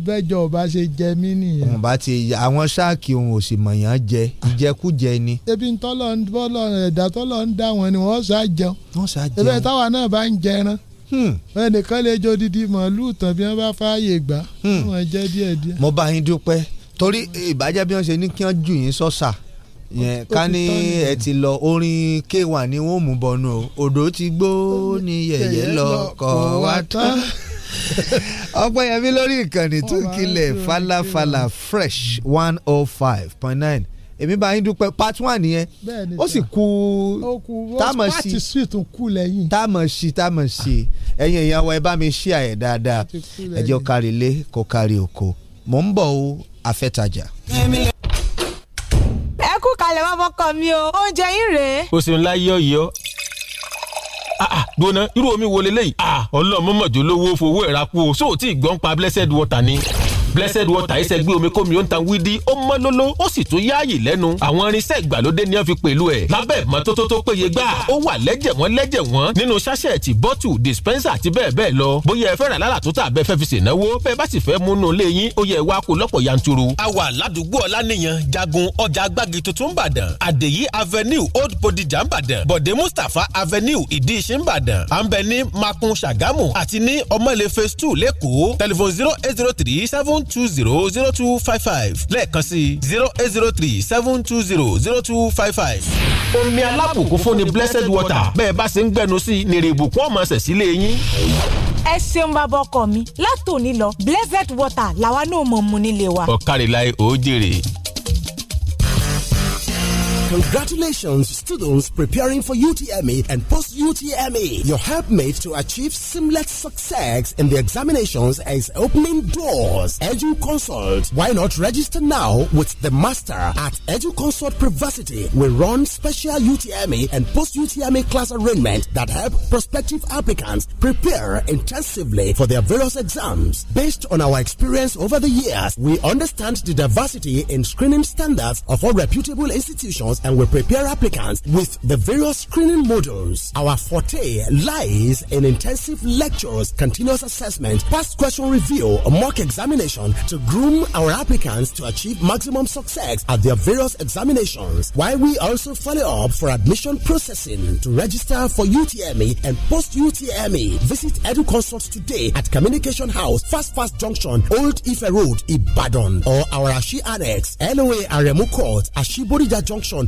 bẹ́jọ́ ọba ṣe jẹ mí nìyẹn. wọn bá ti àwọn ṣáàkì òun ò sì mọ̀yàn jẹ ah. ìjẹkújẹ ni. ebi tọ́lọ̀ ń bọ́lọ̀ ẹ̀dá tọ́lọ̀ ń dá wọn ni wọ́n ṣáà jẹun. wọ́n ṣáà jẹun ebè táwa náà bá ń jẹran hmm. ẹnìkan lè jó didi màálù tán bí wọ́n bá fààyè gbà hmm. wọ́n jẹ́ díẹ̀díẹ̀. mo bá yín dúpẹ́ torí ìbàjẹ́ bí wọ́n ṣe ní kí wọ́n jù yín sọ́sà. So yẹn ká ní ẹ ti lọ orin k1 ni wọ́n mú bọnu o odò ti gbó ní yẹ̀yẹ́ lọ kọ́ wa tán ọpẹ́yẹmí lórí ìkànnì tó kílẹ̀ falafala fresh one oh five point nine èmi bá yín dúpẹ́ part one nìyẹn ó sì kú táàmọ̀ sí táàmọ̀ sí táàmọ̀ sí ẹ̀yin èèyàn wa ẹ bá mi ṣí àyẹ̀ dáadáa ẹ kárí ilé kó kárí oko mò ń bọ̀ o afẹ́tajà kú kalẹ̀ wá fọkọ mi o oúnjẹ yín rèé. o ṣeun láyé ọyọ ah, ah, gbóná irú omi wo leléyìí ah, ọlọ́mọ mọ̀jọ́ lówó fowó ẹ̀rá kú o sóòtì ìgbọ́npa blessed water ni blessed water ẹsẹ̀ gbé omi kómi ó ń tan wídí ó mọ́ lóló ó sì tún yáàyè lẹ́nu àwọn irinṣẹ́ ìgbàlódé ni wọ́n fi pẹ̀lú ẹ̀ lábẹ́ ìmọ́tótó tó péye gbà ó wà lẹ́jẹ̀ wọ́n lẹ́jẹ̀ wọ́n nínú ṣáṣẹ̀tì bọ́tù dispenser àti bẹ́ẹ̀ bẹ́ẹ̀ lọ bóyá ẹ fẹ́ rà lálà tó tà bẹ́ẹ̀ fẹ́ fi ṣènáwó bẹ́ẹ̀ bá sì fẹ́ múnú lé yín ó yẹ wá kó lọ́pọ̀ yanturu. a wà ládùúgbò jagun ọjà agbági tuntun bàdàn àdèyí avenue old bodija bàdàn bọ̀dé mustapha avenue ìdí ìṣin bàdàn à ń bẹ ní makun ṣàgámù àti ní ọmọlé phase lẹ́kọ̀ọ́ telephone zero eight zero three seven seven two zero zero two five five lẹ́ẹ̀kan sí zero eight zero three seven two zero zero two five five. omi alábùkún fún ni blessed water bẹ́ẹ̀ bá ṣe ń gbẹnu sí i nírè ìbùkún ọmọ ṣẹ̀ sílé yín ẹ ṣeun bàbá ọkọ mi látòní lọ blessed water làwa náà mọ̀ mu nílé wa. ọ̀kàrìlà ò jèrè. Congratulations, students preparing for UTME and post UTME. Your helpmate to achieve seamless success in the examinations is opening doors. Edu Consult. Why not register now with the master at Edu Consult Privacy? We run special UTME and post UTME class arrangement that help prospective applicants prepare intensively for their various exams. Based on our experience over the years, we understand the diversity in screening standards of all reputable institutions and we prepare applicants with the various screening modules. Our forte lies in intensive lectures, continuous assessment, past question review, mock examination to groom our applicants to achieve maximum success at their various examinations. While we also follow up for admission processing to register for UTME and post UTME, visit EduConsult today at Communication House, Fast Fast Junction, Old Ife Road, Ibadan, or our Ashi Annex, LOA Aremu Court, Ashibodija Junction,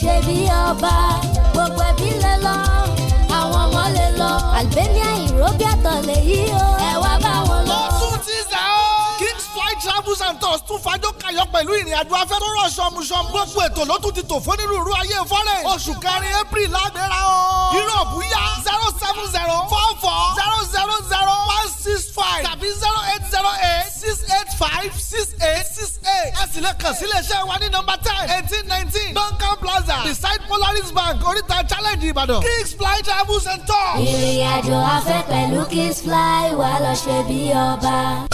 ṣe bí ọba gbogbo ẹbí lè lọ àwọn ọmọ lè lọ Albania ìrógbàtọ̀ lè yí o. travels and tours tún fàájò kayọ̀ pẹ̀lú ìrìn gbogbo ètò ló tún ti tò fún onírúurú ayé fọ́lẹ̀. oṣù kẹrin april lágbèrè o. yúròpù yá zero seven zero four four zero zero zero one six five tàbí zero eight zero eight six eight five six eight six eight. ẹ sì lè kàn sí iléeṣẹ́ wa ní nọ́mbà ten eighteen nineteen duncan plaza beside polaris bank oríta challenge ìbàdàn kings fly travels and tours. ìrìn àjò afẹ́ pẹ̀lú kings fly wà lọ ṣe bí ọba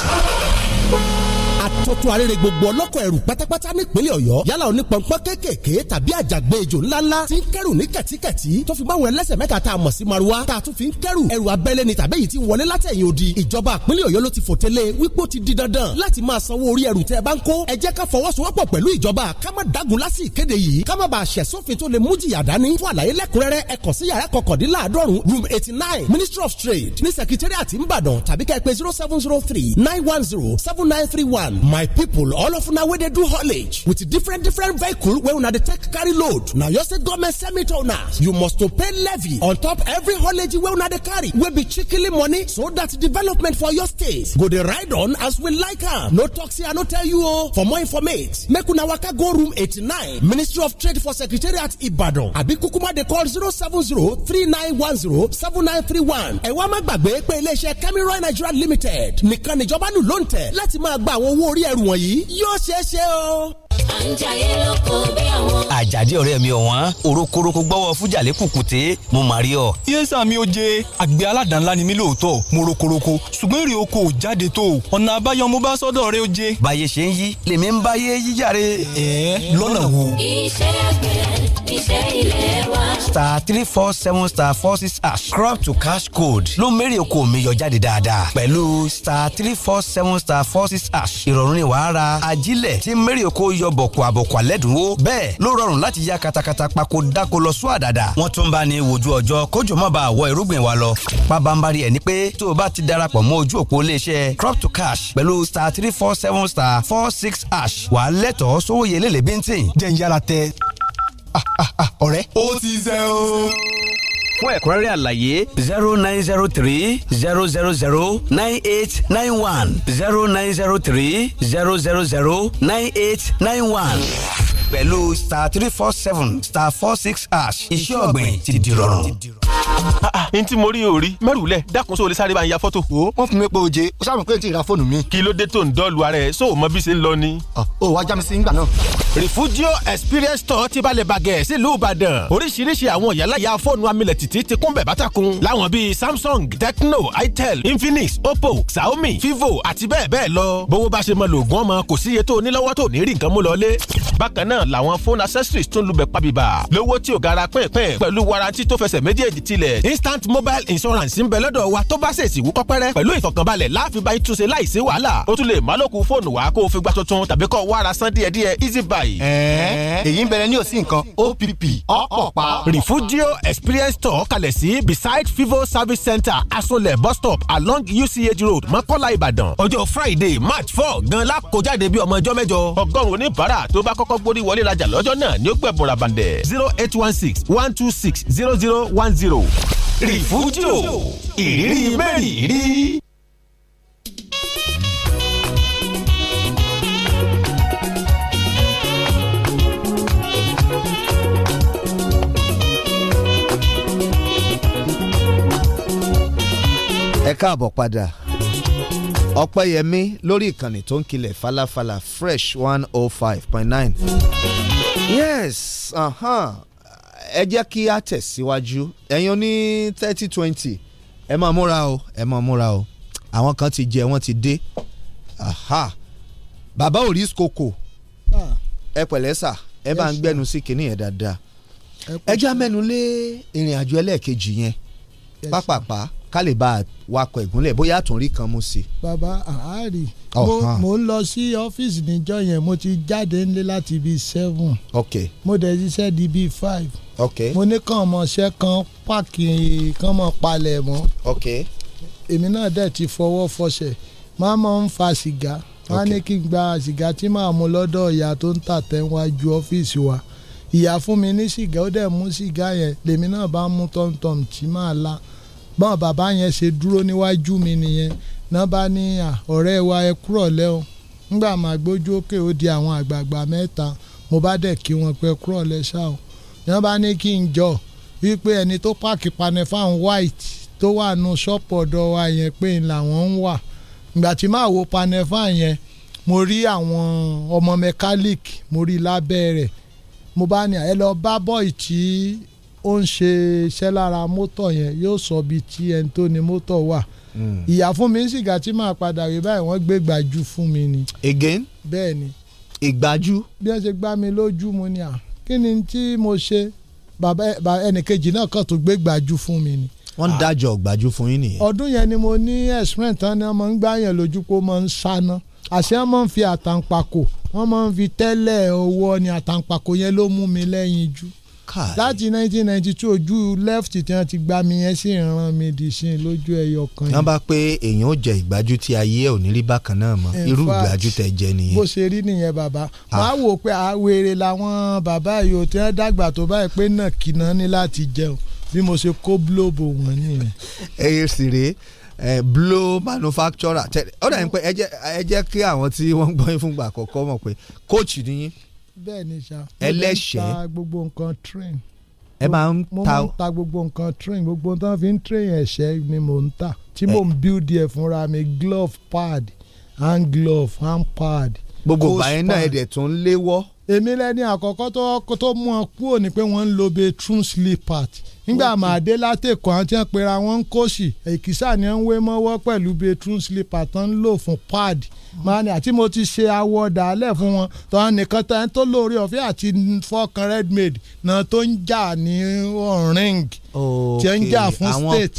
àtọ́tún arére gbogbo ọlọ́kọ̀ ẹrù pátápátá nípínlẹ̀ ọ̀yọ́ yálà onípọ̀npọ̀n kéékèèké tàbí àjàgbé ejò ńláńlá tí ń kẹ́rù ní kẹ̀tíkẹ̀tí tó fi báwọn ẹlẹ́sẹ̀ mẹ́ta tá a mọ̀ sí maruwa tá a tún fi ń kẹ́rù ẹrù abẹ́lé ni tàbí èyí tí ń wọlé látẹ̀yìn odi ìjọba ìpínlẹ̀ ọ̀yọ́ ló ti fòtẹ́lẹ̀ wípé ó ti di dandan láti máa sanwó orí ẹrù tẹ́ ẹ bá ń kó ẹ jẹ́ ká fọwọ́sowọ́pọ̀ pẹ̀lú ìjọba ká má dágun lásì ìkéde yìí ká má bàa ṣẹ̀sófin tó lè mú jìyà dání fún àlàyé lẹ́kùnrẹ́rẹ́ ẹ kàn sí yàrá kọkàndínláàdọ́rùn room eighty nine ministry of trade ní secretariat ìbàdàn tàbí ká ẹ pè zero seven zero three nine one zero seven nine three one land my people all of una wey dey do haulage with different different vehicle wey una dey take carry load Now you say government send me to una you must to pay levy on top every haulage wey una dey carry wey be chikili money so that development for your state go dey ride on as we like her. no toxic, i no tell you oh. for more information, make una waka go room eighty-nine ministry of trade for secretariat ibadan àbí kúkúmá dey call zero seven zero three nine one zero seven nine three one ẹ wá cameroon nigeria limited nìkan níjọba lù Let's ń tẹ̀ láti owó orí ẹrù wọ̀nyí yóò ṣeé o àjàdí ọ̀rẹ́ mi ọ̀wọ́n òrókòrókò gbọ́wọ́ fújàlẹ́ kùkùté mo mà rí ọ. yéésà mi ò jẹ àgbẹ̀ aládàá-ńlá ni mí lóòótọ́ mo rokoroko ṣùgbọ́n èrè oko ò jáde tó ọ̀nà àbáyọ mo bá sọ́dọ̀ rẹ ó jẹ. báyé ṣe ń yí lèmi ń báyé yíyàre. ẹ lọ́nà wo. star three four seven star four six hash crop to cash code ló mẹ́rẹ̀ oko mi yọ jáde dáadáa pẹ̀lú star three four seven star four six hash ìrọ̀rùn ni wàá ra ajílẹ̀ tí mẹ́rì oko yọ bọ̀kọ̀ àbọ̀kọ̀ àlẹ́dùnwó bẹ́ẹ̀ ló rọrùn láti ya katakata pako dáko lọ sún àdàdà wọ́n tún bá ní wojú ọjọ́ kójò má bàa wọ irúgbìn wa lọ pabambari ẹ̀ ni pé tó o bá ti darapọ̀ mọ́ ojú òpó iléeṣẹ́ crop to cash pẹ̀lú star three four seven star four six hash wàá lẹ́tọ̀ọ́ sówó yẹlẹ́lẹ́ bíntín. jẹ́ ń yára tẹ ah, ah, ah, ọ̀rẹ́ ó ti zẹ́ o fún ẹ̀kúnrẹ́rẹ́ àlàyé zero nine zero three zero zero zero nine eight nine one zero nine zero three zero zero zero nine eight nine one. pẹ̀lú star three four seven star four six ash. iṣẹ́ ọ̀gbìn ti di rọrùn. Ah, ah, n tí mo rí o rí mẹ́rùlẹ̀ dákun sóò lè sáré bá ń ya fọ́tò. o wọn fún mi pé oje o sábà pé n ti ra fóònù mi. kí ló dé tó ń dọ́ọ̀lù ara ẹ sóò mọ bí ṣe ń lọ ni. ọ ah, wá já mi sí ngbà náà. refugio experience store ti balẹ̀ bàgẹ́ sílùú ìbàdàn oríṣiríṣi àwọn yàláyà fóònù amílẹ̀ títí ti kún bẹ̀ bátakùn láwọn bíi samsung tecno itel infinix oppo xiaomi vivo àti bẹ́ẹ̀ bẹ́ẹ̀ lọ bówó bá ṣe mọ lògùn ọmọ kò sí iye tó nílọ́wọ́ tó ní rí nǹkan mú lọlé bákan náà làwọn fóònù accessories tún lubẹ̀ pàbíbà lówó tí ò gara pẹ́ẹ̀pẹ́ẹ̀ tilẹ̀ instant mobile insurance ń bẹ lọ́dọ̀ wa tó bá ṣèṣì wú kọ́pẹ́rẹ́ pẹ̀lú ìfọ̀kànbalẹ̀ láàfin bá ìtúnṣe láìsí wàhálà ó tún lè má lókun fóònù wa kó o fi gba tuntun tàbí kó o ara san díẹ̀díẹ̀ easy buy. ẹ̀ẹ́ èyí ń bẹ̀rẹ̀ ní òsì nǹkan OPP ọ̀pọ̀ Refugio experience Store, kalẹ̀ sí beside Vivo service center asolẹ̀ bus stop along UCH road Mọ́kọ́lá Ìbàdàn ọjọ́ Friday March four gan la kó jáde bí ọmọ ọjọ́ mẹ́jọ ọgọ́rùn-ún oníbàárà tó bá kọ́kọ́ gbórí wọlé rajà lọ́jọ́ náà ni ó gbẹ̀bùn ràbàndẹ̀ zero eight one six one two six zero zero one zero rìfújò ìrírí mẹ́rìírí. ẹ káàbọ̀ padà ọpẹ́yẹmí lórí ìkànnì tó ń kilẹ̀ falafala fresh one oh five point nine yes uh-huh ẹ jẹ́ kí a tẹ̀síwájú ẹ̀yin oní thirty twenty ẹ máa múra o ẹ máa múra o àwọn kan ti jẹ wọ́n ti dé bàbá ò rí kòkò ẹ pẹ̀lẹ́ sà ẹ bá ń gbẹ́nu sí kinní yẹn dáadáa ẹ já mẹ́nu lé ìrìn àjò ẹlẹ́ẹ̀kejì yẹn pápápá. Yes, ká lè bá a wakọ̀ ìgúnlẹ̀ bóyá àtúnrí kan mú sí. bàbá àárì mo ń lọ sí ọ́fíìsì níjọ́ yẹn mo ti jáde nílé láti bíi seven. mo dẹ̀ ṣiṣẹ́ di bíi five. ok mo ní kàn mọ̀ ṣẹ́ kan páàkì kan mọ̀ palẹ̀ mọ́. ok èmi náà dẹ̀ ti fọwọ́ fọṣẹ̀ máa mọ̀ ń fa sìgá wọ́n ní kí n gba sìgá tí màá mu lọ́dọ̀ ìyá tó ń tà tẹ́ wájú ọ́fíìsì wa ìyá fún mi ní sìgá ó dẹ̀ mú sìgá yẹn lèmi náà bá mú tọ́ntọ́n tí màá la báwọn bàbá yẹn ṣe dúró níwájú mi nìyẹn náà bá ní ọ̀rẹ́ wa ẹ kúrọ̀ lẹ́hùn ńgbà máa gbójú òkè ó di àwọn àgbààgbà mẹ́ta mo bá dẹ̀ kí wọn pé kúrọ̀ lẹ́ o náà bá ní kí n jọ wípé ẹni tó páàkì panẹ fáwọn white tó wà nù ṣọ́ọ̀pù ọ̀dọ̀ wa yẹn pé ń làwọn ń wà ìgbà tí máa wo panẹ fáwọn yẹn mo rí àwọn ọmọ mechanic mo rí lábẹ́ rẹ̀ mo bá ní ẹ lọ bá bọ́ì tí ó ń ṣe iṣẹ́ lára mọ́tò yẹn yóò sọ bí tí ẹni tó ni mọ́tò wà hmm. ìyá fún mi sìgá tí màá padà rí báyìí wọ́n gbé gbàjú fún mi ni. again bẹ́ẹ̀ ni. ìgbájú. bí wọ́n ṣe gbá mi lójú mu ni à kí ni tí mo ṣe bàbá ẹnìkejì náà kàn tó gbé gbàjú fún mi ni wọ́n ń dájọ́ gbàjú fún yín nìyẹn. ọdún yẹn ni mo ní ẹ̀sìmẹ́ǹtì tán ni wọ́n máa ń gbá yẹn lójú pé ó máa ń sáná àṣé wọ́n máa ń fi àtàǹpàkò wọ́n máa ń fi tẹ́lẹ̀ owó ni àtàǹpàkò yẹn ló mú mi lẹ́yìn jù láti nineteen ninety two ojú left tí wọ́n ti gbá mi yẹn sí ìran mi di sin lójú ẹyọ kan yìí. wọ́n bá pé èèyàn ò jẹ ìgbájú tí ayé ẹ̀ ò ní rí bákan náà mọ́ irú ìgbájú tẹ jẹ nìyẹn. bó ṣe rí nìyẹn bàbá ah. màá wò pé àwèrè làwọn bàbá yìí tí wọ́n dàgbà tó báyìí pé náà kìnnà ní láti jẹun bí mo ṣe kó bílòbò wọn nìyẹn. ẹyẹ sì rèé Eh, blow manufacturer ó dà ní pé ẹ jẹ́ kí àwọn tí wọ́n ń gbọ́ bẹ́ẹ̀ ni ṣá. ẹlẹ́ṣẹ̀ mo ta gbogbo nǹkan train. ẹ máa ń ta mo máa ń ta gbogbo nǹkan train gbogbo nǹkan fi ń train ẹ̀ṣẹ̀ ni mo ń ta tí mo ń build ẹ̀ fúnra mi glove pad hand glove hand pad. gbogbo báyìí náà ẹ̀dẹ̀ tó ń léwọ́. èmi lẹ́ni àkọ́kọ́ tó tó mú ọ kúrò ni pé wọ́n ń lo bathroom slipper nígbà máa dé látẹ̀kọ́ àti àpẹẹrẹ àwọn kóòsì èkìsà ni wọ́n ń wé mọ́wọ́ pẹ̀lú bathroom slipper tó ń lò fún pad máa ní àti mo ti ṣe awọ dàálẹ̀ fún wọn tọ́ nìkan tán tó lóore ọ̀fẹ́ àti fọkàn redmade náà tó ń jà ní ọ̀rìng tí ń jà fún state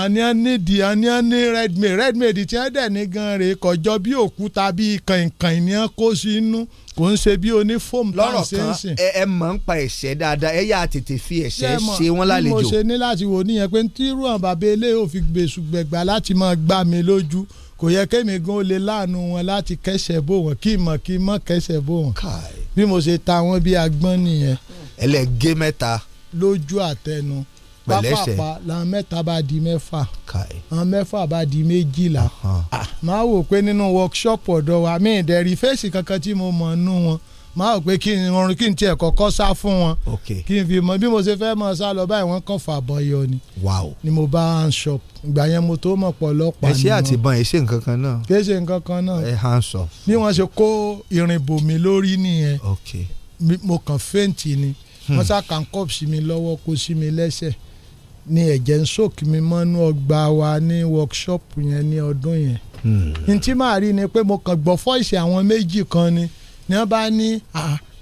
àní à nídìí àní ní redmade redmade tí ẹ dẹ̀ ní gan rè kọjọ bí òkúta bí kàìnkàìn ní à kó sí inú kò ń ṣe bí oní fóòmù tá à ń ṣe lọ́rọ̀ kan ẹ mọ̀ ń pa ẹ̀ṣẹ̀ dáadáa ẹ yà tètè fi ẹ̀ṣẹ̀ ṣe wọ́n lálejò. mo ṣe ní láti wò níyẹn pé tí irú àwọn bàbá eléyìí ò fi gbèsùgbẹ̀gbà láti máa gbá mi lójú kò yẹ kémi gan ó lè láàánú wọn láti kẹsẹ̀ bò wọ́n kí mọ̀ kí mọ̀ kẹsẹ̀ bò wọ́n bí mo ṣe ta wọn bí agbọ́n nìyẹn. ẹlẹ́gẹ́ mẹ́ta. lójú àtẹnu pápápá làwọn mẹ́ta bá di mẹ́fà àwọn mẹ́fà bá di méjìlá máa wò pé nínú workshop ọ̀dọ̀ wa mi ìdẹ̀rí fèsì kankan tí mo mọ̀ nú wọn máa pé kí n orin kí n tiẹ̀ kọ́kọ́ sá fún wọn kí n fi mọ bí mo ṣe fẹ́ mọ sá lọ báyìí wọ́n kàn fàbọn yọ ni ni mo bá hand shop ìgbà yẹn mo tó mọ̀ pọ̀ lọ́pàá ni wọn. ẹ ṣe àtìbọn ẹ ṣe nǹkan kan náà. kì ṣe nǹkan kan náà. ẹ hand shop. bí wọ́n ṣe kó irin bò mí lórí nìyẹn mo kàn fẹ́ǹtì ni hmm. wọ́n sá kàn kọ́ọ̀pù sí mi lọ́wọ́ kó sí mi lẹ́sẹ̀ ni ẹ̀jẹ̀ ń sòkì mi mọ́nú ọgbà wa ní workshop yẹn ní ọdún yẹn. Hmm. n tí màá rí ni pé mo kàn gbọ́ fọ́ìsì àwọn méjì kan ni. Hmm ni wọ́n bá ní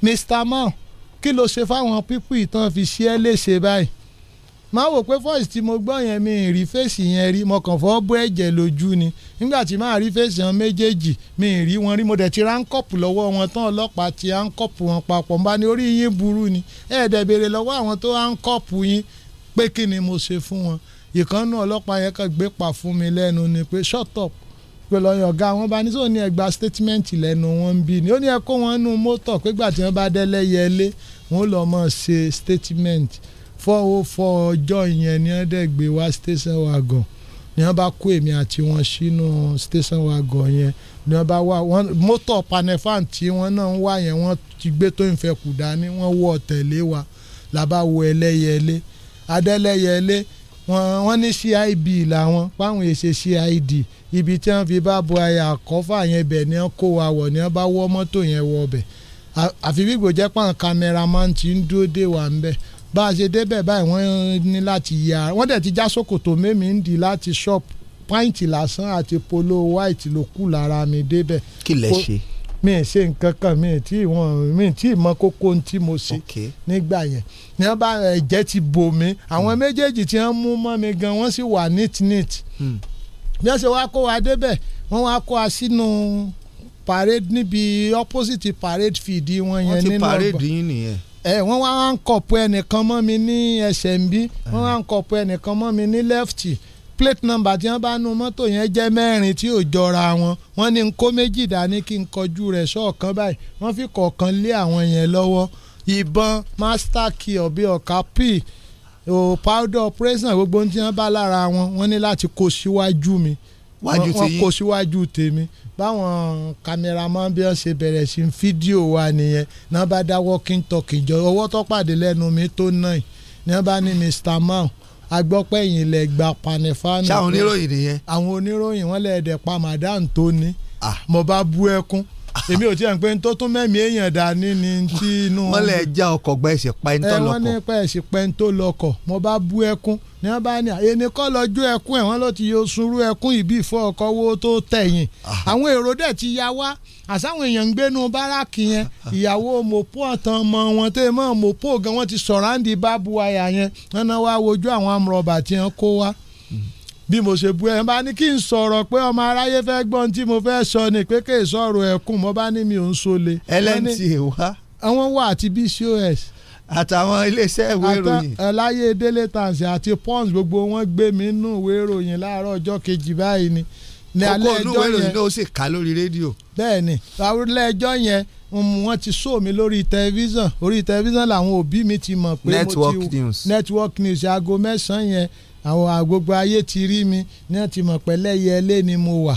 Mr. Mao kí ló ṣe fáwọn pípù ìtàn fi ṣe é léṣe báyìí máa wò pé voice tí mo gbọ́ yẹn mi ì rí fèsì yẹn rí mo kàn fọ́ bó ẹ̀jẹ̀ lójú ni nígbà tí máa rí fèsì yẹn méjèèjì mi ì rí wọn rí mo dẹ̀ ti ránkọ̀pù lọ́wọ́ wọn tán ọlọ́pàá ti ránkọ̀pù wọn papọ̀ n bá ní orí yín burú ni ẹ̀ dẹ̀ béèrè lọ́wọ́ àwọn tó ránkọ̀pù yín pé kí ni mo ṣe fún wọn ìkànnù ọlọ́pàá yẹn kàn gbé pa fún mi lẹ́nu ni pé shut up pé lọ́yìn ọ̀gá wọn bá ní sóòní ẹgbà statement lẹ́nu wọn ń bí ni ó ní ẹ kó wọn nú mọ́tọ̀ pé gbà tí wọ́n bá délé yẹlé wọn lọ mọ̀ ṣe statement four oh four ọjọ́ yẹn ni wọ́n dẹ̀ gbé wá station wagon ni wọ́n bá kó èmi àti wọn sínú station wagon yẹn ni wọ́n bá wá wọn mọ́tọ̀ panefan tí wọ́n náà ń wá yẹn wọ́n ti gbé tó ìfẹ́ kù dání wọ́n wọ́ tẹ̀lé wa làbá wo ẹlẹ́yẹlé adẹ́lẹ́yẹlé wọ́n ní CIB làwọn páwọn èsè CID ibi tí wọ́n fi bá bo aya àkọ́fà yẹn bẹ̀ ni wọ́n kó wa wọ̀ ni wọ́n bá wọ́ mọ́tò yẹn wọ ọbẹ̀ àfi bí gbòjẹ́ pàǹ kameraman ti ń dúró dé wa ń bẹ̀ bá a ṣe débẹ̀ báyìí wọ́n ní láti ya wọ́n dẹ̀ ti já ṣòkòtò mẹ́mi ń di láti ṣọ́ọ̀pù pàǹtì lásán àti polo white ló kù lára mi débẹ̀. kí lẹ ṣe mi ì ṣe nǹkan kan mi ì tí wọn mi ì tí ì mọ kókó tí mo ṣe nígbà yẹn ní wọn bá ẹ̀jẹ̀ ti bò mí àwọn hmm. méjèèjì tí wọn mú mọ́ mi gan wọ́n sì wà neat hmm bí wọ́n ṣe wá kó wa débẹ̀ wọ́n wá kó wa sínú parade níbi opposite parade field wọn yẹn nínú ọgbà wọ́n ti parade yín nìyẹn ẹ wọ́n wá ń kọ̀pọ̀ ẹnìkan mọ́ mi ní ẹsẹ̀ ń bí wọ́n wá ń kọ̀pọ̀ ẹnìkan mọ́ mi ní lẹ́fìtì plate number tí wọ́n bá nu mọ́tò yẹn jẹ́ mẹ́rin tí ò jọra wọn wọ́n ní n kó méjì dání kí n kọjú rẹ̀ sọ́ọ̀kan báyìí wọ́n fi kọ̀ọ̀kan lé àwọn yẹn lọ́wọ́ ìbọn master key ọ̀bí ọ̀ka p o powder operation gbogbo ohun tí wọ́n bá lára wọn wọ́n ní láti kó síwájú mi wọ́n kó síwájú tèmi báwọn kámẹ́rámán bí wọ́n ṣe bẹ̀rẹ̀ sí fídíò wa nìyẹn náà bá dá walking talking jọ ọwọ́ tó pàdé lẹ́nu mi tó náà ní wọ́n bá ní Mr. Mao agbọ́pẹ̀yìn lẹ̀ gba panifano. ṣé àwọn oníròyìn nìyẹn. àwọn oníròyìn wọn lẹ̀ dẹ̀ pa madam tó ní. Ah. mo bá bú ẹkún èmi ò tiẹ̀ ń pé tó tún mẹ́mí èèyàn dání ni tí inú. wọ́n lè já ọkọ̀ gba ẹ̀sìn pa ẹni tó eh, lọkọ̀. wọ́n ní pa ẹ̀sìn pa ẹni lọkọ̀ mo bá bú ẹkún ní wọ́n bá ní ẹni kọ́ lọ́jọ́ ẹkún ẹ̀ wọ́n ló ti yọ sunrú ẹkún ìbí ìfọ́ ọkọ̀ wo tó tẹ̀yìn. Ah. àwọn èrò dẹ̀ ti ya wá àsáwọn èèyàn ń gbénu báràkì yẹn ìyàwó mòpó ọ̀tàn ọmọ wọn tó yẹ mọ́ mòpó gan wọn ti sọ̀ráǹdì bí mo ṣe bu ẹ̀ ń bá ní kí n sọ̀rọ̀ pé ọmọ aráyé fẹ́ gbọ́n tí mo fẹ́ sọ ni pé kí n sọ̀rọ̀ ẹ̀kún mo bá ní mi ò ń sọlẹ̀. LNTA wá. àwọn wà àti BCOS. àtàwọn iléeṣẹ́ ìwé ìròyìn. láyé délé tàǹsì àti pons gbogbo wọn gbé mi nù ìwé ìròyìn láàárọ̀ ọjọ́ kejì báyìí ni. ní alẹ́ ẹjọ́ yẹn kókó olúwẹ̀ ìròyìn náà ó sì ká lórí rédíò. bẹ́ẹ̀ni alẹ́ ẹjọ́ yẹn wọ́n ti sọ mi lórí tẹlifíṣàn orí tẹlifíṣàn làwọn òbí mi ti mọ̀ pé mo ti network news aago mẹ́sàn-án yẹn àwọn àgbogbo ayé ti rí mi ní wọ́n ti mọ̀ yẹ lé ni mo wà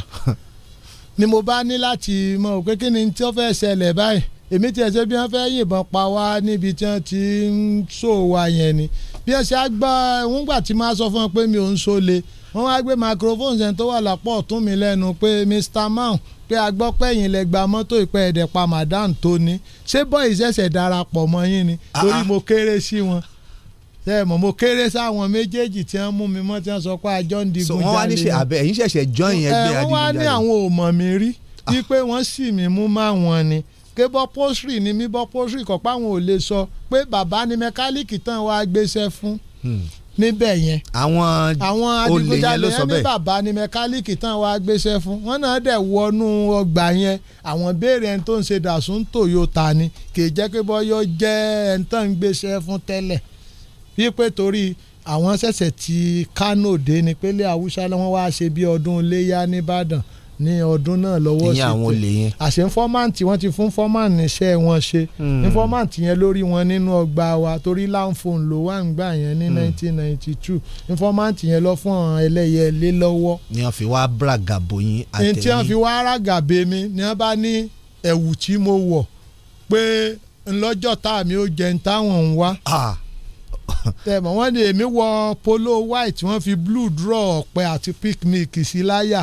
ni mo bá ní láti mọ̀ pé kí ni tí wọ́n fẹ́ ṣẹlẹ̀ báyìí èmi tiẹ̀ ṣe bí wọ́n fẹ́ yìnbọn pa wá níbi tí wọ́n ti ń sọ wa yẹn ni bí ẹ ṣe àgbà ńgbà tí máa sọ fún ọ pé mi ò ń sọlẹ̀ wọ́n wá gbé microphone ṣẹ̀ tó wà lápò ọ̀tún mi lẹ́nu pé Mr. Mao pé a gbọ́ lẹ gba mọ́tò ìpẹ́ ẹ̀dẹ̀ pa madam tó ní ṣé bọ́ọ̀ì ṣẹ̀ṣẹ̀ darapọ̀ mọ́ yín ni ah, torí ah. mo kéré sí wọn ṣe mọ̀ mo kéré sáwọn méjèèjì tí wọ́n mú mi mọ́ tí wọ́n sọ pé àjọ ń digun jáde. so wọ́n wá ní ṣe àbẹ ẹ̀yin ṣẹ̀ṣẹ̀ join ẹgbẹ́ adigunjalè. wọ́n wá ní àwọn ò mi rí ah. bí pé wọ́n sì mí mú máwọn ni ké bọ́ pọ́sírì ni mí bọ́ pọ́sírì kọ́ páwọn ò lè sọ pé bàbá ni mẹkáníìkì tán wàá gbéṣẹ́ fún hmm. níbẹ̀ yẹn. àwọn olè yẹn ló sọ bẹ́ẹ̀ ní bàbá ni mẹkáníìkì tán wàá gbéṣẹ́ fún wọn náà dẹ̀ wọnú ọgbà yẹn àwọn béèrè ẹni tó ń ṣe dàsún Toyota ni kì í jẹ́ pé bọ́ yọ jẹ́ ẹni tán ń gbéṣẹ́ fún tẹ́lẹ̀ wípé torí àwọn ṣẹ̀ṣẹ̀ ti Kánò dé ni pé ilé Haúsá ni wọ́n wá ṣe bí ọdún iléyá nìbàdàn ní ọdún náà lọ́wọ́ sí tẹ̀ àṣẹ fọ́máǹtì wọ́n ti fún fọ́máǹtì iṣẹ́ wọn ṣe hmm. ní fọ́máǹtì yẹn lórí wọn nínú ọgbà wa torí láǹfọ̀n ló wà nígbà yẹn ní 1992 ní fọ́máǹtì yẹn lọ fún ọ̀hún ẹlẹ́yẹlé lọ́wọ́. ni wọ́n fi wá bragabo yín àtẹ̀yìn. ní tí wọ́n fi wá ràgàbè mi ni wọ́n bá ní ẹ̀wù tí mo wọ̀ pé ńlọ́jọ́ tá mi ó jẹun táwọn ń wá. Ah tẹ̀mọ̀ wọ́n ní èmi wọ polo white wọ́n fi blue draw ọ̀pẹ àti picnic sí láyà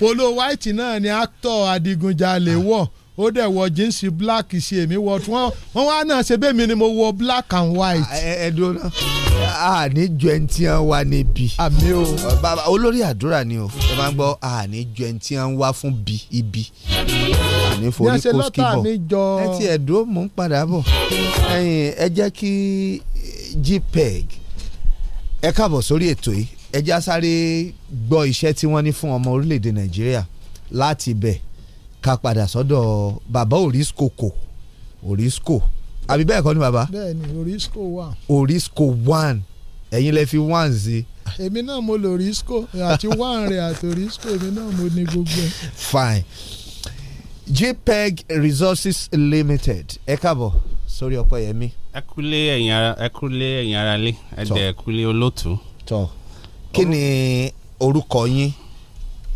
polo white náà ni actor adigunjalè wọ̀ ó dẹ̀ wọ jíǹsì black ṣe èmi wọ tí wọ́n wá náà ṣe bẹ́ẹ̀ mi ni mo wọ black and white. ẹ ẹ dúró náà àní ju ẹni tí wọ́n wá níbi. àmì o. bàbá olórí àdúrà ni o ẹ máa ń gbọ́ àní ju ẹni tí wọ́n wá fún bi ibi àní forí kó skibọ̀ ẹ ti ẹ̀dùn mò ń padà bọ̀ ẹ̀yin ẹ jẹ́ kí gpeg ẹ káàbọ̀ sórí ètò yìí ẹ já sáré gbọ́ iṣẹ́ tí wọ́n ní fún ọmọ orílẹ̀-èdè nàìjíríà láti bẹ̀ ká padà sọ́dọ̀ bàbá orisco kò orisco àbí bẹ́ẹ̀ kọ́ ni bàbá. bẹ́ẹ̀ni orisco one. orisco one ẹ̀yin lẹ fi one sí. èmi náà mo lo orisco àti one rẹ àti orisco èmi náà mo ní gbogbo ẹ. fine jpeg resources limited ẹ káàbọ̀ sórí ọ̀pọ̀ yẹmi. ẹ kúlé ẹ̀yin ara ẹ kúlé ẹ̀yin ara lé ẹ dẹ̀ kúlé tọ kí ni orúkọ yín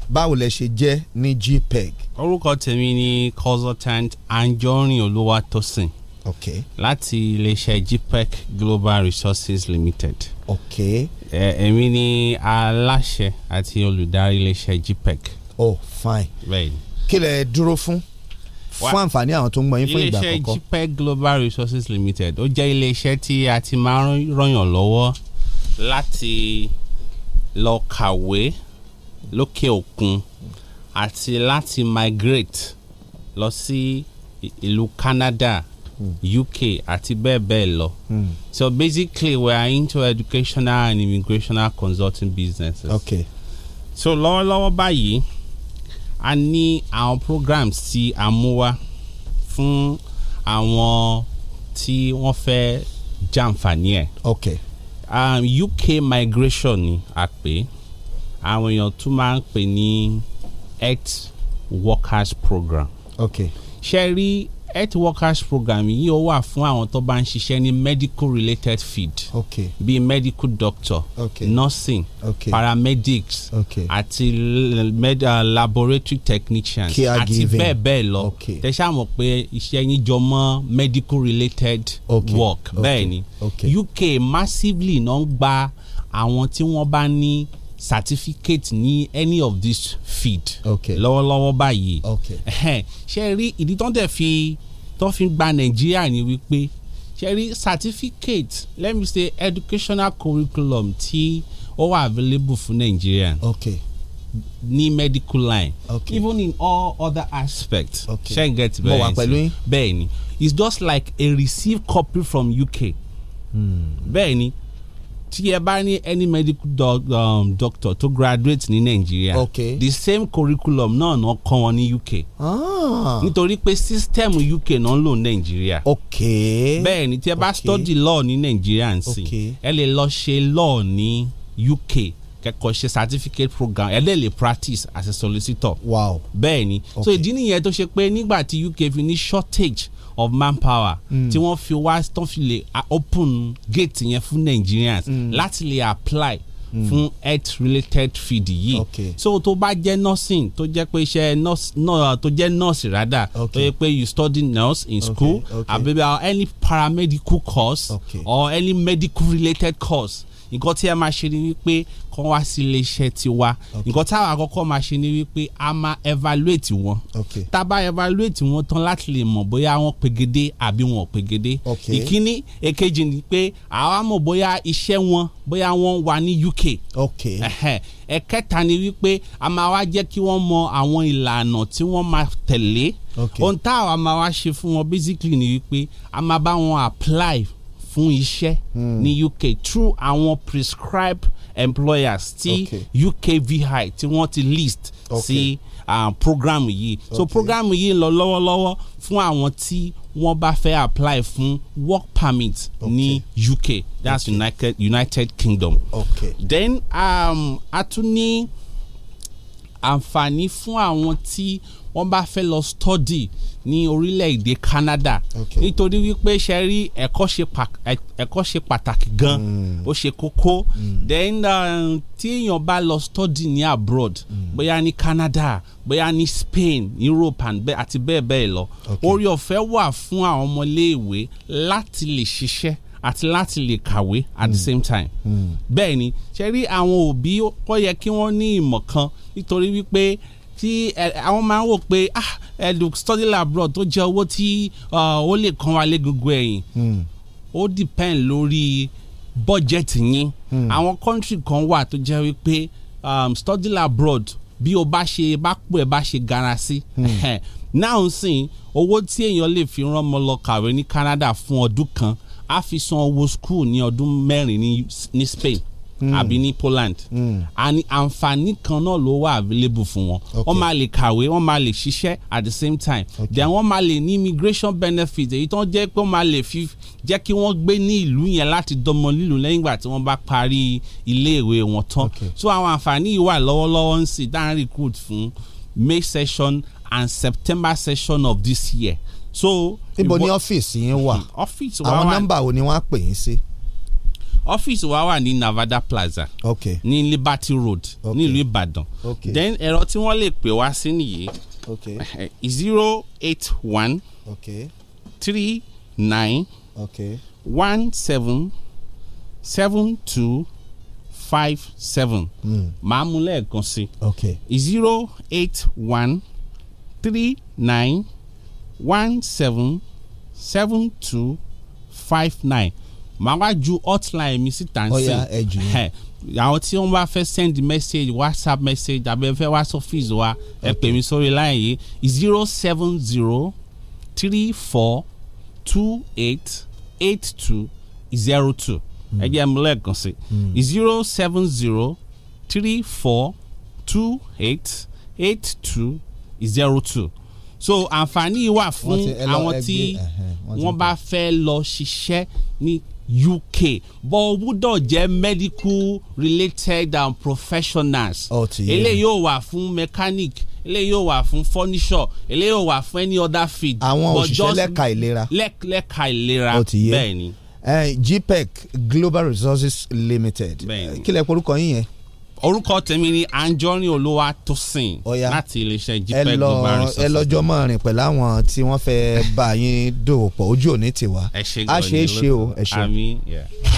báwo lẹ ṣe jẹ́ ní gpeg. orúkọ tèmi ni consultant anjorin olúwatósìn okay. láti iléeṣẹ́ gpec global resources limited. okay. èmi e, ni aláṣẹ àti olùdarí iléeṣẹ́ gpec. oh fine. bẹ́ẹ̀ni. kí lẹ dúró fún fún àǹfààní àwọn tó ń gbọ́ yín fún ìgbà àkọ́kọ́. iléeṣẹ́ gpec global resources limited ó jẹ́ iléeṣẹ́ tí a ti máa ń ràn yàn lọ́wọ́ láti lọ kàwé lókè òkun àti láti migrate lọ sí ìlú Canada hmm. UK àti bẹ́ẹ̀ bẹ́ẹ̀ lọ. Hmm. So basically we are into educational and immigrational consulting businesses. Okay. So lọ́wọ́lọ́wọ́ báyìí a ní àwọn programs tí a mú wá fún àwọn tí wọ́n fẹ́ jàǹfààní ẹ̀. Okay. Um, UK migration ni a pè é àwọn èèyàn tún máa ń pè ní health workers program. okay. ṣe rí health workers program yìí ó wà fún àwọn tó bá ń ṣiṣẹ́ ní medical related field. okay. bíi medical doctor. okay. nursing. okay. paramedics. okay. àti med uh, laboratory technicians. care giving àti bẹ́ẹ̀ bẹ́ẹ̀ lọ. okay. tẹ̀sán mọ̀ pé iṣẹ́ yín jọ mọ́ medical related okay. work. Okay. bẹ́ẹ̀ ni okay. UK massively náà ń gba àwọn tí wọ́n bá ní certificate ní any of this feed. field lọ́wọ́lọ́wọ́ báyìí ṣe rí ìdí tó ń tẹ̀ fi tó fi gba Nàìjíríà ni wípé ṣe rí certificate let me say educational curriculum tí ó wà available fún Nàìjíríà ní medical line okay. even in all other aspects Okay. n get bẹ́ẹ̀ ni bẹ́ẹ̀ ni it's just like a received copy from UK hmm tí ẹ bá ní any medical doc, um, doctor tó graduate ní nàìjíríà okay. the same curriculum náà náà kọ́ wọn ní uk ah. nítorí pé system uk náà ń lò nàìjíríà okay. bẹ́ẹ̀ ni tí ẹ bá study law ní nàìjíríà ń sìn okay. ẹ lè lọ ṣe law ní uk kẹ́kọ̀ọ́ ṣe certificate program ẹ lè lè practice as a solicitor wow. bẹ́ẹ̀ ni okay. so ìdí nìyẹn tó ṣe pé nígbà tí uk fi ní shortage of manpower mm. tí wọ́n fi wá tán fi lè open gate yẹn fún Nigerians mm. láti lè apply Mm. fún health related field yìí okay. so tó bá jẹ́ nursing tó jẹ́ pé iṣẹ́ nurse no, tó jẹ́ nurse rather okay. tó jẹ́ pé you study nurse in okay. school àbí okay. Uh, any paramedical course okay. or any medical related course nǹkan tí ẹ máa ṣe ni wípé kàn wá sí ilé iṣẹ́ tiwa nǹkan táwa àkọ́kọ́ máa ṣe ni wípé a máa evaluate wọn tá a bá evaluate wọn tán láti lè mọ̀ bóyá wọ́n pegedé àbí wọn ò pegedé ìkíní èkejì ni pé àwa mọ̀ bóyá iṣẹ́ wọn bóyá wọ́n wà ní UK ẹ̀kẹta ni wípé a máa wá jẹ́ kí wọ́n mọ àwọn ìlànà tí wọ́n máa tẹ̀lé ohun táwa máa wá ṣe fún wọn basically ni wípé a máa bá wọn apply fún iṣẹ́ hmm. ní UK through àwọn prescribed employers ti okay. UKVI tí wọ́n ti list okay. sí um, program yìí okay. so program yìí lọ lọ́wọ́lọ́wọ́ fún àwọn tí wọ́n bá fẹ́ apply fún work permit okay. ní UK that's okay. United United Kingdom okay. then um, a tún ní àǹfààní fún àwọn tí wọ́n bá fẹ́ lọ study ní orílẹ̀-èdè Canada nítorí wípé ṣe rí ẹ̀kọ́ ṣe pàtàkì gan mm. ó ṣe kókó mm. then um, tí èèyàn bá lọ study ní abroad mm. bóyá ní Canada bóyá ní Spain Europe àti bẹ́ẹ̀ bẹ́ẹ̀ lọ orí ọ̀fẹ́ wà fún àwọn ọmọléèwé láti lè ṣiṣẹ́ àti láti lè kàwé at the mm. same time. Mm. bẹ́ẹ̀ ni ṣe rí àwọn òbí ó yẹ kí wọ́n ní ìmọ̀ kan nítorí wípé tí àwọn máa ń wò pé ah eduk study abroad tó jẹ́ owó tí ó lè kan wa légungun ẹ̀yìn mm. ó depend lórí bọ́jẹ̀tì yín àwọn kọ́ńtì kan wà tó jẹ́ wípé um, study abroad bí o bá ṣe bá pò ẹ bá ṣe gara sí. náà ń sìn owó tí èèyàn lè fi rán ọmọ lọ kàwé ní Canada fún ọdún kan a fi san owó school ní ọdún mẹ́rin ní Spain hmm. àbí mm. ní Poland àní hmm. àǹfààní kan náà ló wà available fún wọn wọ́n máa lè kàwé wọ́n máa lè ṣiṣẹ́ at the same time okay. then wọ́n máa lè ní immigration benefit èyí tó ń jẹ́ pé wọ́n máa lè fi jẹ́ kí wọ́n gbé ní ìlú yẹn láti dọmọ lílù lẹ́yìn ìgbà tí wọ́n bá parí iléèwé wọn tán so àwọn àǹfààní yìí wà lọ́wọ́lọ́wọ́ ń sì dáhùn recruit fún May session and September session of this year so. níbo ni ọ́fíìsì yín wà ọ́fíìsì wa wà àwọn nọ́mbà wo ni wọ́n á pè yín sí. ọ́fíìsì wa wà ní Navada Plaza okay. ní Liberty Road okay. nílùú Ìbàdàn okay. then ẹ̀rọ tí wọ́n lè pè wá sí nìyí eh, zero eight one three nine one seven seven two five seven máa hmm. mú lẹ́ẹ̀kan sí zero eight one three nine one seven seven two five nine màá wá ju hotline mi síta ń sìn àwọn tí wọ́n bá fẹ́ send message whatsapp message àbẹ fẹ́ wá sọfíìsì wa ẹ pè mí sórí line zero seven zero three four two eight eight two zero two ẹ hmm. jẹ́ mi lẹ́ẹ̀kan sí hmm. zero seven zero three four two eight eight two zero two so àǹfààní wà fún àwọn tí wọ́n bá fẹ́ lọ ṣiṣẹ́ ní UK bọ́ ọ gbúdọ̀ jẹ́ medical related and professionals eléyìí yóò wà fún mechanic eléyìí yóò wà fún furniture eléyìí yóò wà fún any other field. àwọn òṣìṣẹ́ lẹ́ka ìlera. lẹ́ka ìlera bẹ́ẹ̀ ni. Uh, eh, GPEC Global Resources Limited kí lè porúkọ yín yẹn orúkọ tèmi ni Anjorin Olúwatósìn láti iléeṣẹ́ jípẹ́ global resources. ẹ lọ́jọ́ mọ́ rìn pẹ̀lú àwọn tí wọ́n fẹ́ bá yín dòwò pọ̀ ojú òní tiwa. ẹ ṣe gan ni ló a o ẹ ṣe.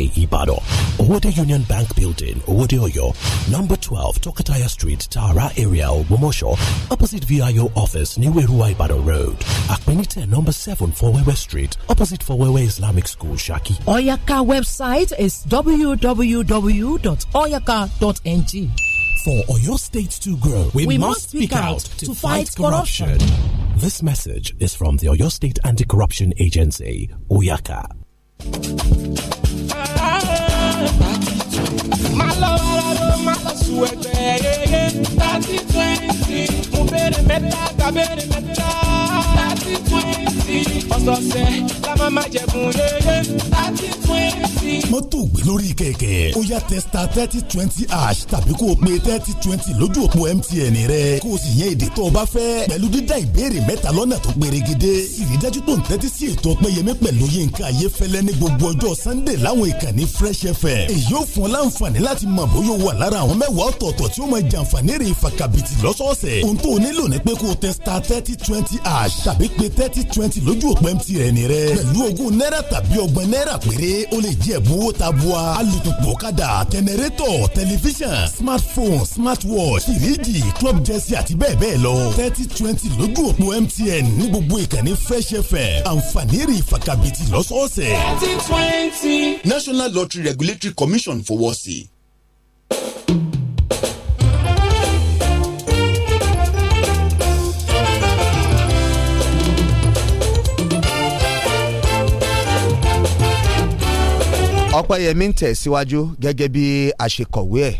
Way, Ibadan. Owode Union Bank Building, Owode Oyo. Number 12, Tokataya Street, Tara area, Ogumosho. Opposite VIO office, Niwerua Ibadan Road. Akpenite, number 7, Fowewe Street. Opposite Fowewe Islamic School, Shaki. Oyaka website is www.oyaka.ng. For Oyo State to grow, we, we must speak out to, to fight, corruption. corruption. This message is from the Oyo State Anti Corruption Agency, Oyaka sọ́sẹ́ má jẹ̀kun léyé. láti pín èsì. mọ́tò gbé lórí kẹ̀kẹ́ ó yá testa thirty twenty ash tàbí kó o pe thirty twenty lójú òpó MTN rẹ kó o sì yẹn èdè tó o bá fẹ́ pẹ̀lú dídá ìbéèrè mẹ́ta lọ́nà tó pérégedé ìrídájú tó ń tẹ́tí sí ètò ọpẹ́yẹmí pẹ̀lú yínká ayéfẹ́lẹ́ ní gbogbo ọjọ́ Sunday láwọn ìkànnì Fresh FM èyí ò fún ọ láǹfààní láti mọ̀ bóyá o wà lára àwọn mẹ́wàá ọ̀tọ̀ọ̀tọ̀ tí ó máa jàǹfààní rè fàkàbìtì lọ́sọ̀ọ̀sẹ̀ ohun tó nílò ni pé kó o testa thirty twenty ash tàbí pe thirty twenty lójú òpó MTN rẹ pẹ̀lú pẹ̀lú ogún náírà tàbí ọgbọ̀n náírà péré o lè jẹ́ ìbúwó ta bua alùpùpù ọ̀kadà jẹnẹrétọ̀ tẹlifíṣàn smartphone smartwatch fìríjì club jẹ́sí àti bẹ́ẹ̀ bẹ́ẹ̀ lọ thirty twenty lójú òpó MTN ní gbogbo ìkànnì Fresh FM àǹfààní rí ìfakabìtì lọ́sọ̀ọ̀sẹ̀. thirty twenty. National Lottery Regulatory Commission fowọ́ sí i. ọpẹ́yẹmí ń tẹ̀síwájú gẹ́gẹ́ bí àṣekọ̀wé ẹ̀.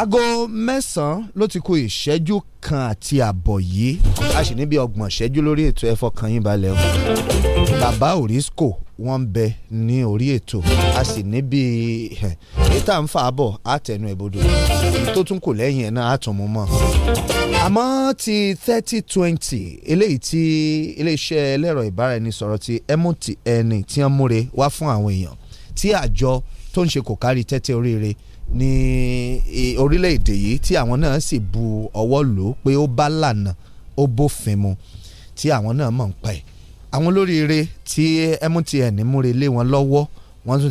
aago mẹ́sàn-án ló ti kù ìṣẹ́jú kan àti àbọ̀ yìí a sì ní bí ọgbọ̀n ìṣẹ́jú lórí ètò ẹ̀fọ́ kan yín balẹ̀ o. bàbá orisco wọ́n ń bẹ ní orí ètò a sì ní bí ètò àtẹnu ẹ̀bodò tó tún kù lẹ́yìn ẹ̀ náà àtúnmú àmọ́ ti thirty twenty eléyìí tí iléeṣẹ́ ẹlẹ́rọ ìbáraẹnisọ̀rọ̀ ti MTN tí wọ́n múre wá fún àwọn èèyàn tí àjọ tó ń ṣe kò kárí tẹ́tẹ́ oríire ní orílẹ̀-èdè yìí tí àwọn náà sì bu ọwọ́ lò ó pé ó bá lànà ó bófin mu tí àwọn náà mọ̀ ń pa ẹ̀ àwọn olóríire tí MTN múre lé wọn lọ́wọ́ wọ́n tún